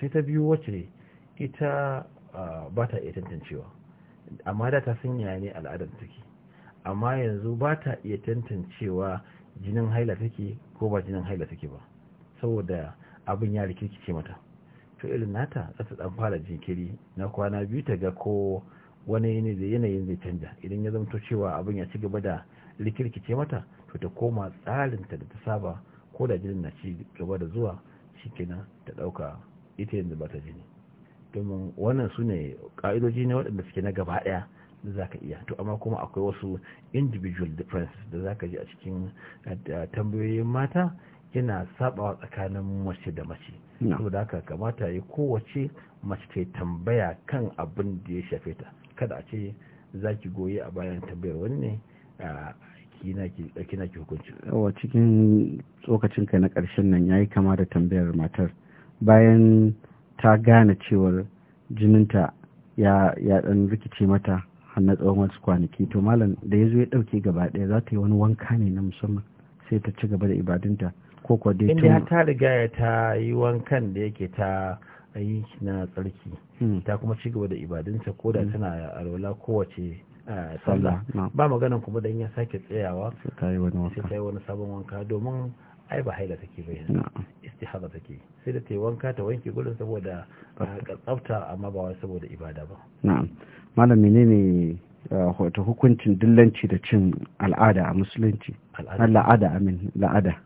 sai ta biyu wacce ita ba ta iya tantancewa amma da ta sanya ne al'adar take amma yanzu ba ta iya tantancewa jinin haila take ko ba jinin haila take ba saboda abin ya rikirkice mata to irin nata za ta dan fara jinkiri na kwana biyu ta ga ko wani ne da yanayin zai canja idan ya zamto cewa abin ya ci gaba da rikirkice mata to ta koma tsarinta da ta saba ko da jinin na ci gaba da zuwa kenan ta ɗauka. ita yanzu ba ta jini domin wannan su ne ƙa'idoji ne waɗanda suke na gaba ɗaya da za ka iya to amma kuma akwai wasu individual differences da za ka ji a cikin eh, tambayoyin mata yana sabawa tsakanin mace da mace saboda haka kamata ya kowace mace ta tambaya kan abin da ya shafe ta kada a ce za ki goyi a bayan tambayar wani ne kina ki hukunci cikin ka na ƙarshen nan ya yi kama da tambayar matar bayan ta gane cewar jininta ya ya dan rikice mata har tsawon wasu kwanaki to malam da ya zo ya dauke gaba daya za ta yi wani wanka ne na musamman sai ta ci gaba da ibadunta ko kuwa dai inda ta riga ya ta yi wankan da yake ta yi na tsarki hmm. ta kuma ci gaba da ibadunta ko da hmm. tana alwala kowace eh, sallah ba maganan kuma dan ya sake tsayawa sai ta yi wani sabon wanka domin ai ba haila take bai istihada take sai da ta yi wanka ta wanke gurin saboda tsafta amma ba wai saboda ibada ba na'am malam menene eh, wato hukuncin dillanci da cin al'ada a musulunci al'ada amin la'ada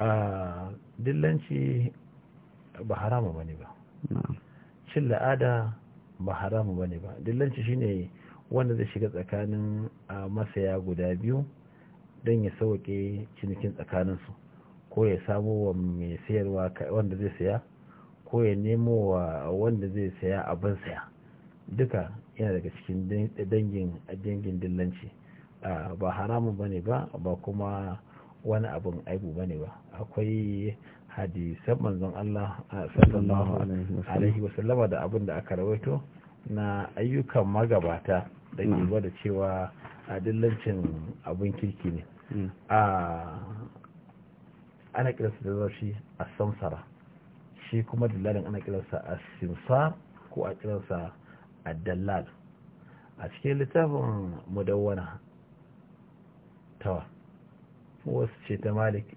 ah, dillanci ba harama bane ba cin la'ada ba harama bane ba dillanci shine wanda zai shiga tsakanin ah, masaya guda biyu don ya sauke cinikin tsakaninsu ko ya samo wa mai sayarwa wanda zai saya ko ya nemo wa wanda zai saya abin saya duka yana daga cikin dangin dangin dillanci ba haramun bane ba ba kuma wani abin aibu bane ba akwai hadisan manzon Allah sallallahu alaihi wasallama da abin da aka rawaito na ayyukan magabata da ke gwada cewa dillancin abin kirki ne mm. ana kiransa da zafi a samsara shi kuma dalilin ana kiransa a simsa ko a kiransa a dalal, a cikin littafin mudawwana tawa wasu ce ta malik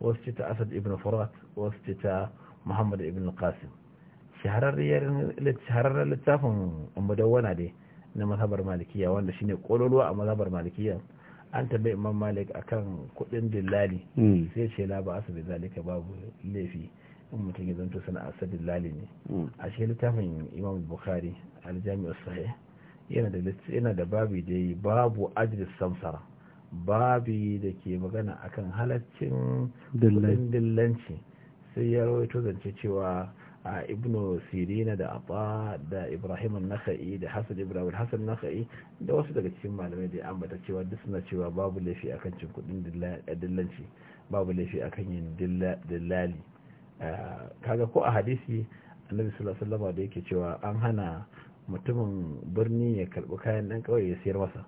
wasu ce ta asad ibn furat wasu ce ta muhammad ibn qasim shahararren littafin mudawwana dai na mazhabar malikiya wanda shine kololuwa a mazhabar malikiya an tabe imam malik akan kuɗin dillali hmm. sai ce la ba asabi zalika babu laifi in mutum ya zanto sana'arsa dillali ne hmm. a cikin littafin imam bukhari aljami'ar sahih yana da yana da yi babu ajri samsara babu da ke magana akan halaccin dillanci sai ya rawaito zance cewa a ibnu sirina da abba da ibrahim naka'i da hasan ibrahim hasan naka'i da wasu daga cikin malamai da ambata cewa duk suna cewa babu laifi akan cin kudin dillanci babu laifi akan yin dillali kaga ko a hadisi annabi sallallahu alaihi wasallam da yake cewa an hana mutumin birni ya karbi kayan dan kauye ya sayar masa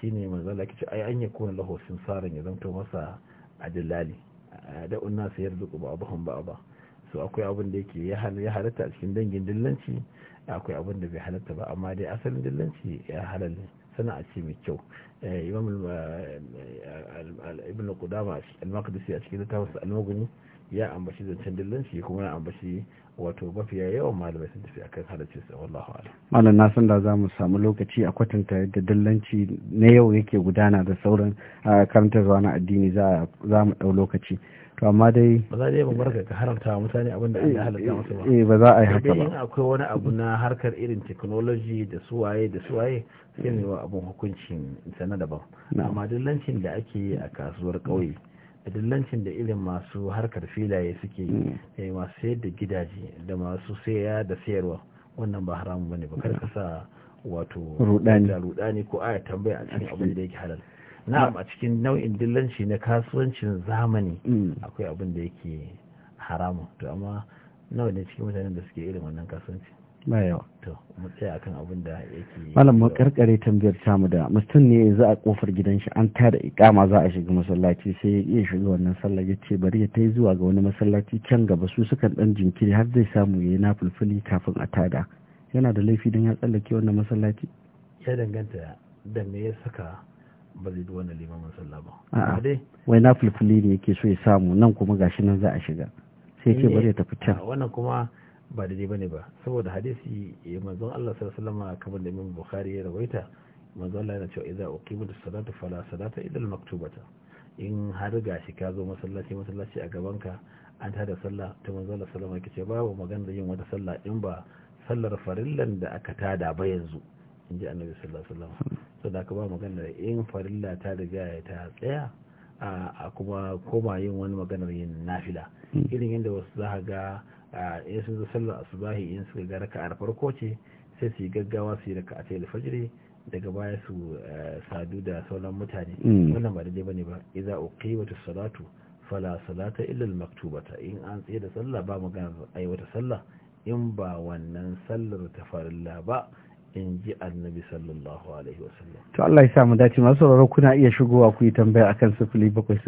shine manzo Allah yake ai an yakuna lahu simsaran ya zanto masa adillali da unna sayar zuku ba abuhum ba ba so akwai abin da yake ya halatta a cikin dangin dillanci akwai abin da bai halatta ba amma dai asalin dillanci ya halal sana sana'a ce mai kyau eh, imam eh, ibn qudama al-maqdisi a cikin littafinsa al-mughni ya ambaci zancen dillanci kuma ya ambaci wato mafiya yawan malamai sun tafi akan halaccin sa wallahu a'lam malam na san da za mu samu lokaci a kwatanta yadda dillanci na yau yake gudana da sauran ah, karantarwa na addini za mu dau lokaci to amma dai ba za dai ba barka ka haramta mutane abin da an da halatta musu ba eh, eh ba za a yi haka ba in akwai wani abu na harkar irin technology da suwaye da suwaye sai ne wa abun hukuncin sana ba amma dillancin da ake yi a kasuwar kauye dillancin da irin masu harkar filaye suke yi mm. masu sayar da gidaje da masu saya da sayarwa wannan ba haramu bane ba kar ka sa wato rudani ko aya tambaya a cikin abin da yake halal na'am a cikin nau'in dillanci na kasuwancin zamani mm. akwai abin da yake haramun to amma nawa ne cikin mutanen da suke irin wannan kasuwanci ba yawa to mu tsaya akan abin da yake malam mu karkare tambayar tamu da mutum ne za a kofar gidan shi an tada ikama za a shiga masallaci sai ya iya shiga wannan sallah ya ce bari ya tai zuwa ga wani masallaci can gaba su sukan dan jinkiri har zai samu yayi na fulfuli kafin a tada yana da laifi don ya tsallake wannan masallaci ya danganta da me ya saka ba zai duwana limamin sallah ba a'a wai na fulfuli ne yake so ya samu nan kuma gashi nan za a shiga sai ce eh, bari ya tafi can wannan kuma ba daidai bane ba saboda hadisi ya eh, manzo Allah sallallahu alaihi wasallam kamar da Imam Bukhari ya rawaita manzo Allah yana cewa idza uqimat as-salatu fala salata illa al-maktubata in har gashi ka zo masallaci masallaci a gaban ka an tada sallah to manzo Allah sallallahu alaihi wasallam yake cewa babu magana yin wata sallah in ba sallar farillan da aka tada ba yanzu in ji annabi sallallahu alaihi wasallam to da ka ba maganar in farilla ta riga ta tsaya a kuma koma yin wani maganar yin nafila hmm. irin yadda wasu za ga in sun zo sallar asubahi in suka ga raka'ar farko ce sai su yi gaggawa su yi raka'a ta alfajiri daga baya su eh, sadu da sauran mutane hmm. wannan ba daidai bane ba idza uqimatu salatu fala salata illa almaktubata maktubata in an tsaye da sallah ba maganar ai wata sallah in ba wannan sallar ta farilla ba in ji annabi sallallahu alaihi wasallam to Allah ya sa mu dace masu sauraro kuna iya shigowa ku yi tambaya akan sifili bakwai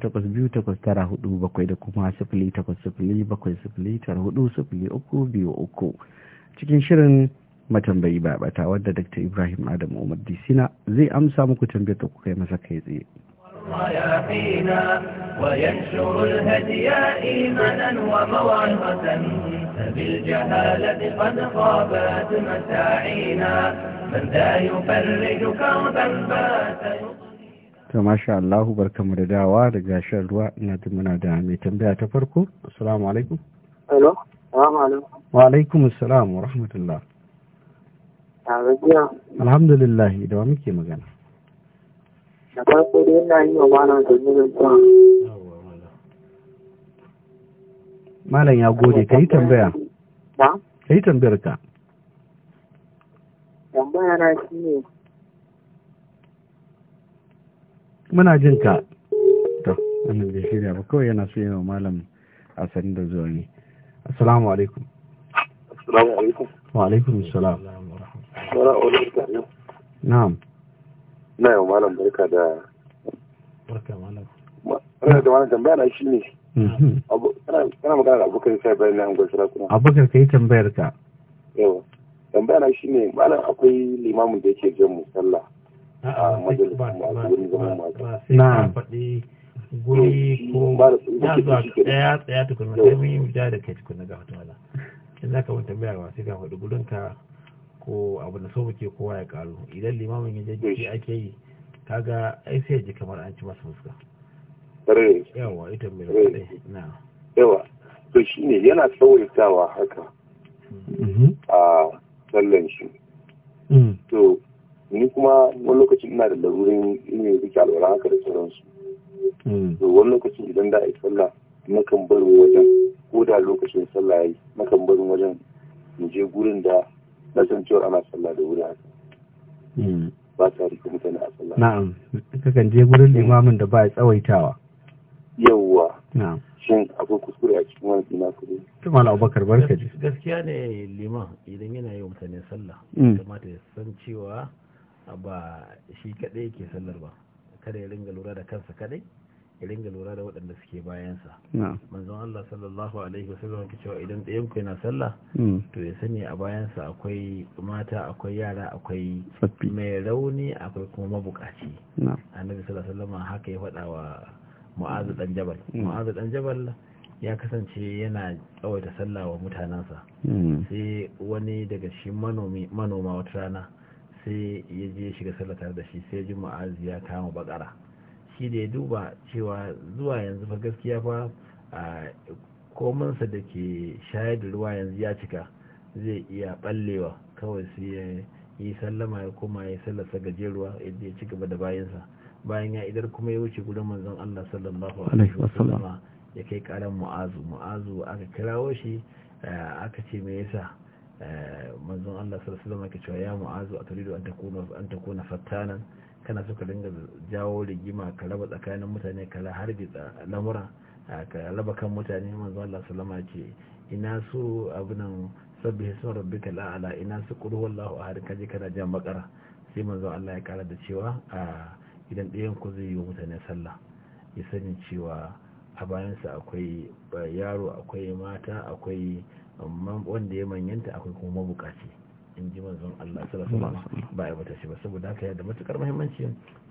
takwas biyu takwas tara bakwai da kuma sifili takwas bakwai tara uku biyu uku cikin shirin matambayi ba bata wadda Dr. Ibrahim Adam Umar Disina zai amsa muku tambayar da kuka yi masa kai tsaye. وينشر الهدي إيمانا وموعظة فبالجهالة قد خابت مساعينا من ذا يفرج كربا بات to masha Allah barkamu da dawa da gashar ruwa ina jin muna da mai tambaya ta farko assalamu alaikum hello wa alaikum assalam wa rahmatullah alhamdulillah da wa muke magana da farko da yana yi wa malam da nuna malam ya gode ka yi tambaya ka yi tambayar ka tambaya na shi ne muna jin ka to wannan bai shirya ba kawai yana so yi wa malam a sanin da zuwa ne assalamu alaikum assalamu alaikum wa alaikum assalam na'am na yau malam barka da barka malam barka da wani tambaya na shi ne Mm-hmm. kana magana da abokan sai bayan na hangon sarakuna abokan kai tambayar ka yawa tambaya na shine malam akwai limamin da yake jan mu sallah a majalisar mu a wurin zaman mu na faɗi guri ko ya zuwa tsaya tsaya tukuna sai mun yi wuta da kai tukuna ga wata wala in za ka wani tambaya ba sai ka faɗi ka ko abu da so muke kowa ya karu idan limamin ya jajjaci ake yi kaga ai sai ya ji kamar an ci masa fuska rai yawa ita mai rai yawa yana tsawaitawa haka mm-hmm. a tsallon shi mm. to ni kuma wani lokacin ina da larurin yin rike alwara haka da sauransu mm. to wani lokacin idan da a tsalla sallah kan barin wajen ko da lokacin sallah ya yi kan barin wajen in je gurin da na san cewa ana sallah da wuri haka mm. ba ta rike mutane a sallah na'am kakan je gurin limamin da ba ya tsawaitawa yawwa shin akwai kuskure a cikin wani ina kuɗi to abubakar barka ji gaskiya ne liman idan yana yi wa mutane sallah mm. kamata ya san cewa ba shi kaɗai yake sallar ba kada ya ringa lura da kansa kaɗai ya ringa lura da waɗanda suke bayansa manzon Allah sallallahu alaihi wasallam ke cewa idan ɗayan ku yana sallah mm. to ya sani a bayansa akwai mata akwai yara akwai mai rauni akwai kuma mabukaci annabi sallallahu alaihi wasallam haka ya faɗa wa mu'azu mm. dan jabal mm. mu'azu dan jabal ya kasance yana tsawaita sallah wa mutanensa mm. sai wani daga shi manoma wata rana sai ya je shiga sallah da shi sai ji mu'azu ya kama bakara shi da ya duba cewa zuwa yanzu fa gaskiya fa komansa da ke shayar da ruwa yanzu ya cika zai iya ballewa kawai sai ya yi sallama ya koma ya sallasa gajeruwa ya ci gaba da bayansa bayan ya idar kuma ya wuce gudun manzon Allah sallallahu alaihi wasallam ya kai karan mu'azu mu'azu aka kirawo shi eh, aka ce me yasa eh, manzon Allah sallallahu alaihi wasallam ya ce ya mu'azu a an takuna an takuna fattanan kana so ka dinga jawo rigima ka raba tsakanin mutane ka la harbi lamura eh, ka raba kan mutane manzon Allah sallallahu alaihi wasallam ya ce ina so abunan sabbi hisma rabbika la'ala ina su qul huwallahu ahad kaje kana jan makara sai manzon Allah ya kara da cewa a ah, idan ɗayan ku zai yi wa mutane sallah ya sani cewa a bayansa akwai yaro akwai mata akwai wanda ya manyanta akwai kuma mabukaci in ji manzon Allah sallallahu alaihi ba ya bata shi ba saboda haka ya da matukar muhimmanci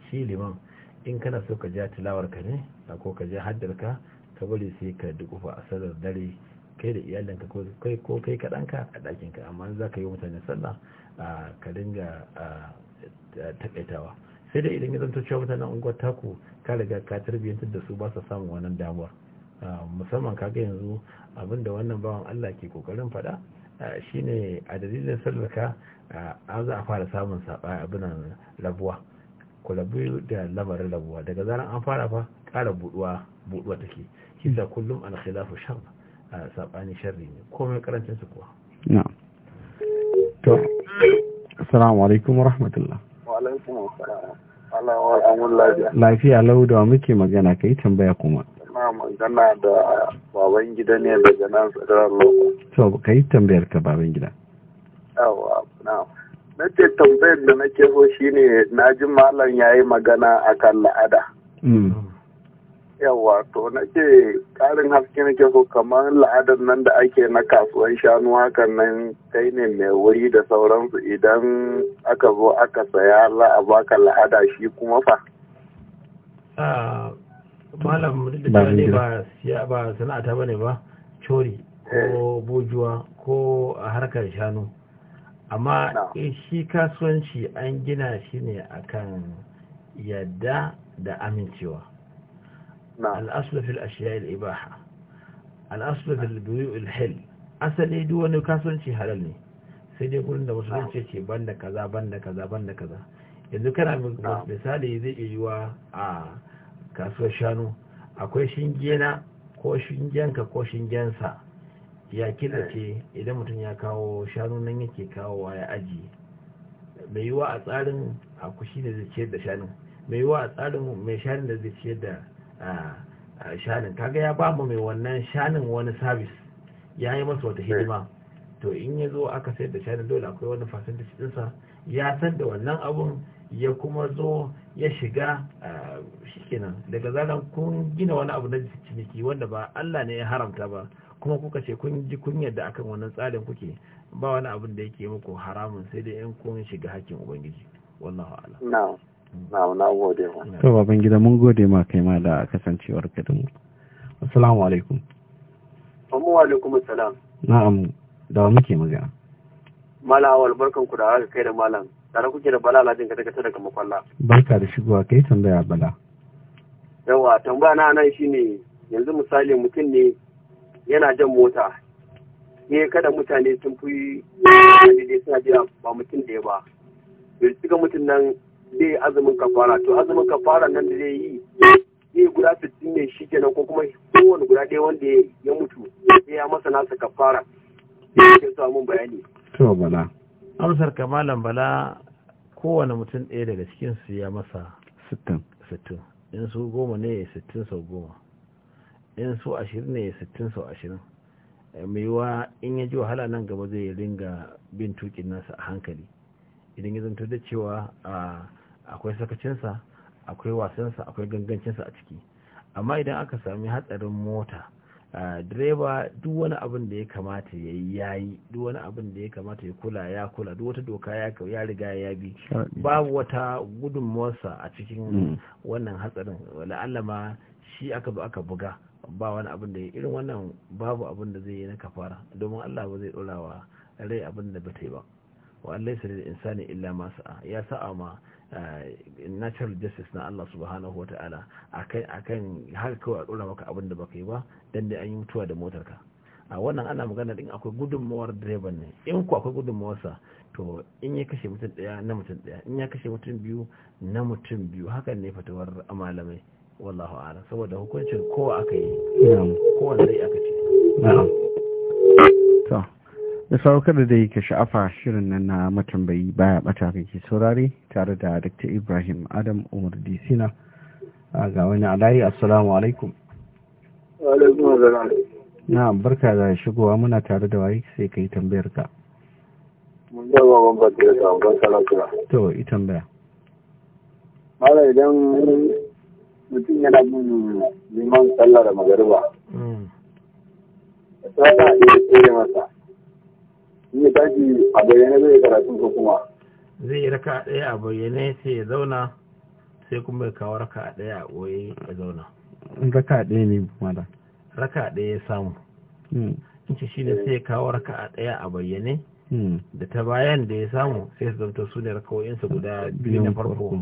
shi liman in kana so ka ja tilawar ka ne ko ka ja haddar ka ka bari sai ka dukufa a sallar dare kai da iyalinka ko kai ko kai ka danka a ɗakin ka amma za ka yi mutane sallah ka dinga takaitawa sai dai idan ya zanto cewa mutanen unguwar taku ka riga ka tarbiyyantar da su ba su samun wannan damuwa ah, musamman kaga yanzu abin da wannan bawan Allah ke kokarin faɗa ah, shine a dalilin sallaka ah, an za a fara samun saba abinan rabuwa ku da labarin rabuwa daga zaran an fara fa ƙara buɗuwa buɗuwa take kisa kullum ana khilafu shar sabani sharri ne komai karancin su kuwa na'am to assalamu alaikum wa rahmatullah alaikum assalam wa lafiya lafiya lau muke magana kai tambaya kuma na magana da baban gida ne daga nan to kai tambayar ka baban gida yawa na ce tambayar da nake so shine na ji malam yayi magana akan la'ada mm. yawa to na ce karin haske nake so kamar la'adar nan da ake na kasuwan shanu hakan nan kai ne mai wuri da sauransu idan aka zo aka saya za a baka la'ada shi kuma fa ah, malam da ne ba ba sana'ata bane ba cori ko eh. bujuwa ko harkar shanu amma eh, shi kasuwanci an gina shi ne akan yadda da amincewa نعم الأصل في الأشياء الإباحة الأصل في البيوء الحل أصل دو wani kasuwanci halal ne sai dai gurin da musulunci ce banda kaza banda kaza banda kaza yanzu kana misali zai iya yiwa a kasuwar shanu akwai shingena ko shingenka ko shingensa ya killace idan mutum ya kawo shanu nan yake kawowa ya aji mai yiwa a tsarin akushi da zai ciyar da shanu mai yiwa a tsarin mai shanu da zai ciyar da shanin kaga ya bamu mai wannan shanin wani sabis ya yi masa wata hidima to in ya zo aka sayar da shanin dole akwai wani fasantaci ɗinsa ya san da wannan abun ya kuma zo ya shiga kenan daga zaran kun gina wani abu na ciniki wanda ba Allah ne ya haramta ba kuma kuka ce kun ji kun yadda akan wannan tsarin kuke ba wani abin da yake muku haramun sai dai in kun shiga hakkin ubangiji wallahu a'lam na'am na gode ma to baban gida mun gode ma kai ma da kasancewar ka da mu assalamu alaikum wa alaikum assalam na'am da muke magana malawal barkan ku da haka kai da malam tare kuke da bala lajin ka daga daga makwalla barka da shigowa kai tambaya bala yawa tambaya na nan shine yanzu misali mutum ne yana jan mota ne kada mutane sun fi suna jira ba mutum da ya ba yanzu ga mutum nan zai azumin kafara to azumin kafara nan da zai yi zai guda sittin ne shi kenan ko kuma kowane guda ɗaya wanda ya mutu sai ya masa nasa kafara ya sai samun bayani to bala amsar kamalan bala kowane mutum ɗaya daga cikin su ya masa sittin sittin in su goma ne ya sittin sau goma in su ashirin ne ya sittin sau ashirin mai yiwa in ya ji wahala nan gaba zai ringa bin tukin nasa a hankali idan ya zanto da cewa a ah, akwai sakacinsa akwai wasansa akwai gangancinsa a ciki amma idan aka sami hatsarin mota direba duk wani abin da ya kamata ya yi ya duk wani abin da ya kamata ya kula ya kula duk wata doka ya riga ya bi babu wata gudunmuwarsa a cikin mm. wannan hatsarin la'alla ma shi aka ba aka buga ba wani abin da irin wannan babu abin da zai yi na kafara domin allah ba zai ɗora wa rai abin da ba ta yi ba wa allai da insani illa masu ya sa'a ma Uh, natural justice na Allah subhanahu wa ta'ala akan har kawai a ɗora maka abin da baka yi ba dan da an yi mutuwa da motarka a wannan ana magana din akwai gudunmuwar direban ne in ku akwai sa to in ya kashe mutum daya na mutum daya in ya kashe mutum biyu na mutum biyu hakan ne fatawar malamai wallahu a'lam saboda hukuncin kowa aka yi kowa zai aka ce na'am to da saukar da ka sha'afa shirin nan na matambayi baya bata kake saurare tare da dr ibrahim adam umar disina ga wani alayi assalamu alaikum na barka da shigowa muna tare da waye sai ka yi tambayar ka to yi tambaya mara idan mutum yana bin liman sallah da magariba ta mm. ta iya tsere masa in ya tashi a bayyane zai karatu ko kuma zai yi raka ɗaya a bayyane sai ya zauna sai kuma ya kawo raka ɗaya a ɓoye ya zauna raka ɗaya ne mada raka ɗaya ya samu hmm. in ce shi ne sai ya kawo raka ɗaya a bayyane hmm. da ta bayan da ya samu sai su zamta su ne rakawoyinsa guda biyu na farko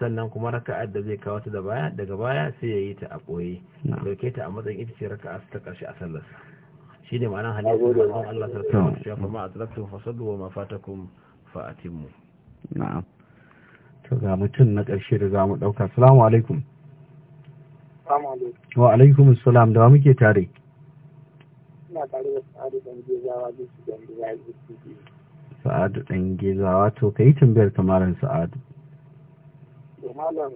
sannan kuma raka'ar da zai kawo ta da baya daga baya sai ya yi ta a ɓoye dauke ta a matsayin ita ce raka'a ta ƙarshe a sallarsa shi ne ma'anar hadisin da zan Allah ta tsara shi fa ma atraktum fasallu wa ma fatakum fa atimmu na'am to ga mutum na ƙarshe da zamu dauka assalamu alaikum wa alaikum assalam da wa muke tare ina tare da Sa'adu ɗan Gezawa da su dan Gezawa Sa'adu ɗan Gezawa to ka yi tambayar kamaran Sa'adu to malam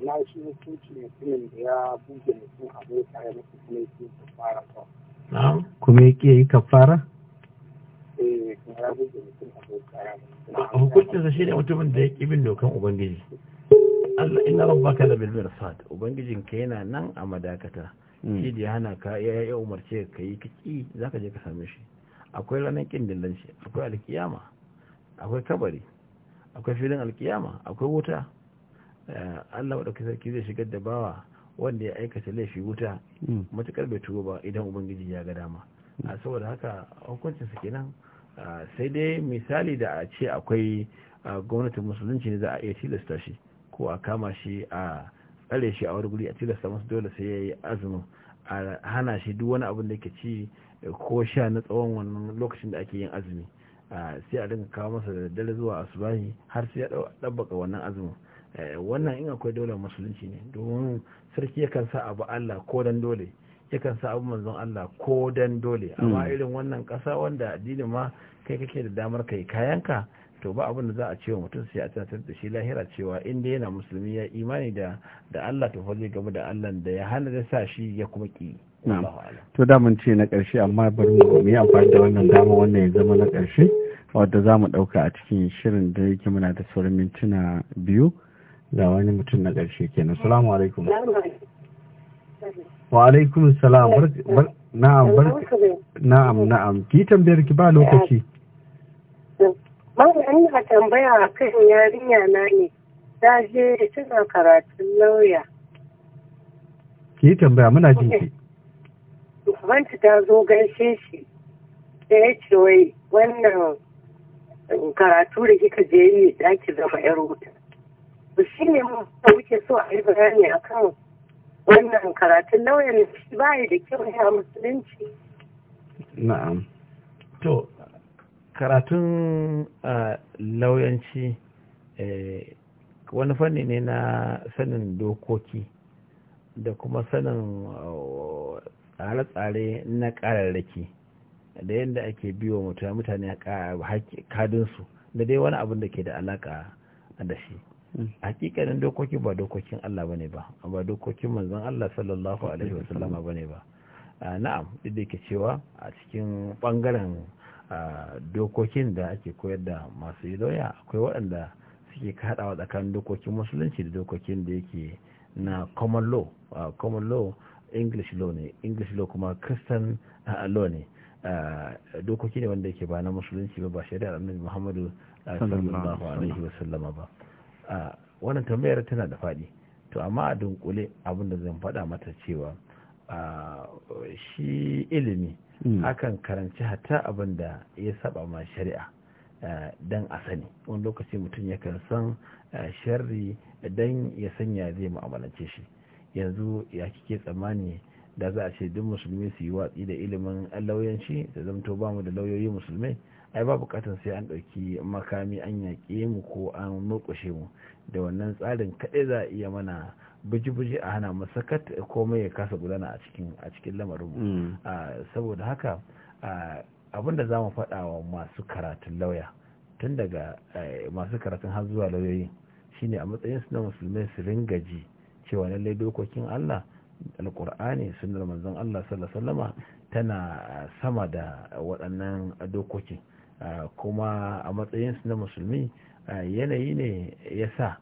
ina shi mutunci mutumin da ya buge mutum a mota ya mutu kuma ya fara kawo kuma ya yi kafara eh, hukuncinsa shi ne mutumin da ya ƙi bin dokan ubangiji Allah ina ka da bilbir fad ubangijin ka yana nan a madakata hmm. shi da hana ka ya yi umarce ka yi kiki ka je ka same shi akwai ranar ƙin dillan shi akwai alkiyama akwai kabari akwai filin alkiyama akwai wuta eh, Allah wadda sarki zai shigar da bawa wanda ya aikata laifi wuta hmm. matukar bai tuwo ba idan ubangiji ya ga dama hmm. a saboda haka hukuncin su kenan sai dai misali da a ce akwai gwamnatin musulunci ne za a iya tilasta shi ko a kama shi a tsare shi a wani guri a tilasta masu dole sai ya yi azumi a hana shi duk wani abin da ke ci ko sha na tsawon wannan lokacin da ake yin azumi sai a dinga kawo masa da daddare zuwa asubahi har sai ya ɗabbaka wannan azumin Eh, wannan in akwai dole musulunci ne domin sarki yakan sa abu Allah ko dan dole yakan sa abu manzon Allah ko dan dole amma hmm. irin wannan kasa wanda addini ma kai kake da damar kai kayanka to ba abin da za a cewa mutum sai a tattar da shi lahira cewa in inda yana musulmi ya imani da da Allah to fa zai gamu da Allah da ya hana da sa shi ya kuma ki hmm. to da mun ce na karshe amma bari mu yi amfani da wannan dama wannan ya zama na karshe wanda za mu dauka a cikin shirin da yake muna da sauran mintuna biyu da wani mutum na ƙarshe kenan salamu alaikum wa alaikum salam na'am na'am na'am ki tambayar ki ba lokaci Malam na tambaya a kan yarinya na ne ta je tana karatun lauya ki tambaya muna jin ki ta zo gaishe shi da ya ce wai wannan um, karatu da kika je yi daki zama 'yar wuta to shi ne muke so a yi bayani a kan wannan karatun lauyan shi ba da kyau ya musulunci na'am to karatun lauyanci e, wani fanni ne na sanin dokoki da kuma sanin tsare-tsare na kararraki da yadda ake biyo mutane a kadinsu da dai wani abin da ke da alaka da shi hakikanin dokoki ba dokokin Allah bane ba ba dokokin manzon Allah sallallahu alaihi wasallama bane ba na'am duk da ke cewa a cikin bangaren dokokin da ake koyar da masu yi doya akwai waɗanda suke kaɗawa tsakanin dokokin musulunci da dokokin da yake na common law common law english law ne english law kuma christian law ne dokoki ne wanda yake ba na musulunci ba ba shari'ar annabi muhammadu sallallahu alaihi wasallama ba wannan tambayar tana da faɗi to amma a dunkule abin da zan faɗa mata cewa shi ilimi hmm. akan karanci hatta abin da ya saba ma shari'a don a sani wani lokaci mutum yakan san sharri don ya sanya zai mu'amalance shi yanzu ya kike tsammani da za a ce duk musulmi su yi watsi da ilimin lauyanci da zamto bamu da lauyoyi musulmai ai ba bukatun sai an ɗauki makami an yaƙe mu ko an murƙushe mu da wannan tsarin kaɗai za a iya mana buji-buji a hana mu sakat komai ya kasa gudana a cikin a cikin lamarin mu mm. saboda haka abin da za mu faɗa wa masu karatun lauya tun daga masu karatun har zuwa lauyoyin shine a matsayin su na musulmai su ringa ji cewa lallai dokokin Allah alkur'ani sunnar manzon Allah sallallahu alaihi wasallama tana sama da waɗannan dokokin kuma a matsayinsu na musulmi yanayi ne ya sa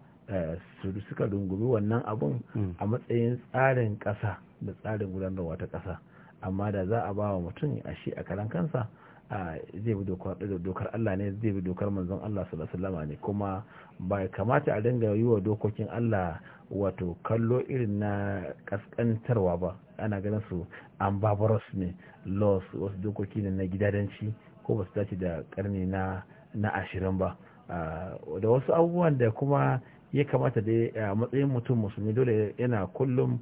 suka rungumi wannan abun hmm. a matsayin tsarin ƙasa da tsarin gudanarwa ta ƙasa amma da za a ba wa mutum a shi a karan kansa zai bi dokar Allah ne zai bi dokar manzon Allah sallallahu ne kuma ba kamata a dinga yi wa dokokin Allah wato kallo irin na kaskantarwa ba ana ganin su an ne laws wasu dokoki ne na gidadanci ko ba su dace da karni na na ashirin ba da wasu abubuwan da kuma ya kamata da a matsayin mutum musulmi dole yana kullum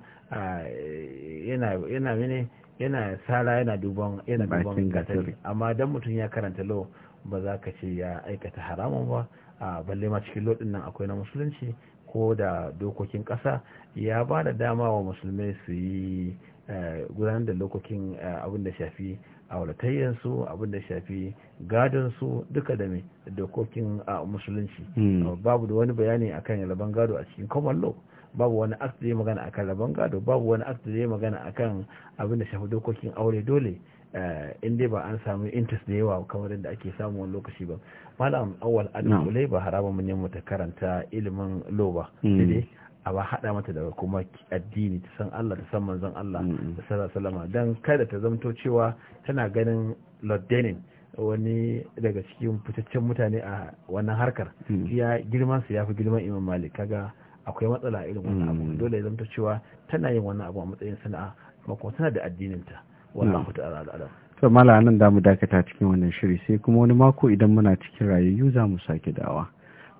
yana mene yana sara yana duban yana duban gatari amma dan mutum ya karanta lo ba za ka ce ya aikata haramun ba a balle ma cikin lodin nan akwai na musulunci ko da dokokin ƙasa ya ba da dama wa musulmai su yi eh, gudanar da lokokin eh, abin da shafi auratayyansu abin da shafi gadonsu duka da mai dokokin a musulunci hmm. babu da wani bayani akan laban gado a cikin common law babu wani act da magana akan laban gado babu wani act da ya magana akan abin da shafi dokokin aure dole eh, in dai ba an samu interest da yawa kamar yadda ake samu wani lokaci ba malam awal adulai ba haraba mun mu ta karanta ilimin law ba hmm. a ba haɗa mata daga kuma addini ta san Allah ta san manzon Allah da sallallahu alaihi dan kada ta zamto cewa tana ganin Lord Denin wani daga cikin fitaccen mutane a wannan harkar mm. ya girman su yafi girman Imam Malik kaga akwai matsala irin wannan abu mm. dole ya zamto cewa tana yin wannan abu a matsayin sana'a kuma kuma tana da addinin ta wallahu mm. ta'ala al'adam to mala nan da mu dakata cikin wannan shiri sai kuma wani mako idan muna cikin rayayyu za mu sake dawa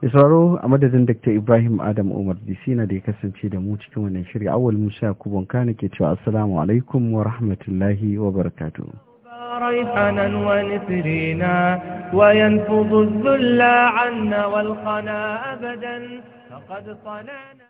Isaro a madadin Dr. Ibrahim Adam Umar DC na da ya kasance da mu cikin wannan shirya awal Musa Kubon Kano ke cewa Assalamu alaikum wa rahmatullahi wa barakatuh. ريحانا ونسرينا وينفض الذل عنا والقنا أبدا فقد صنعنا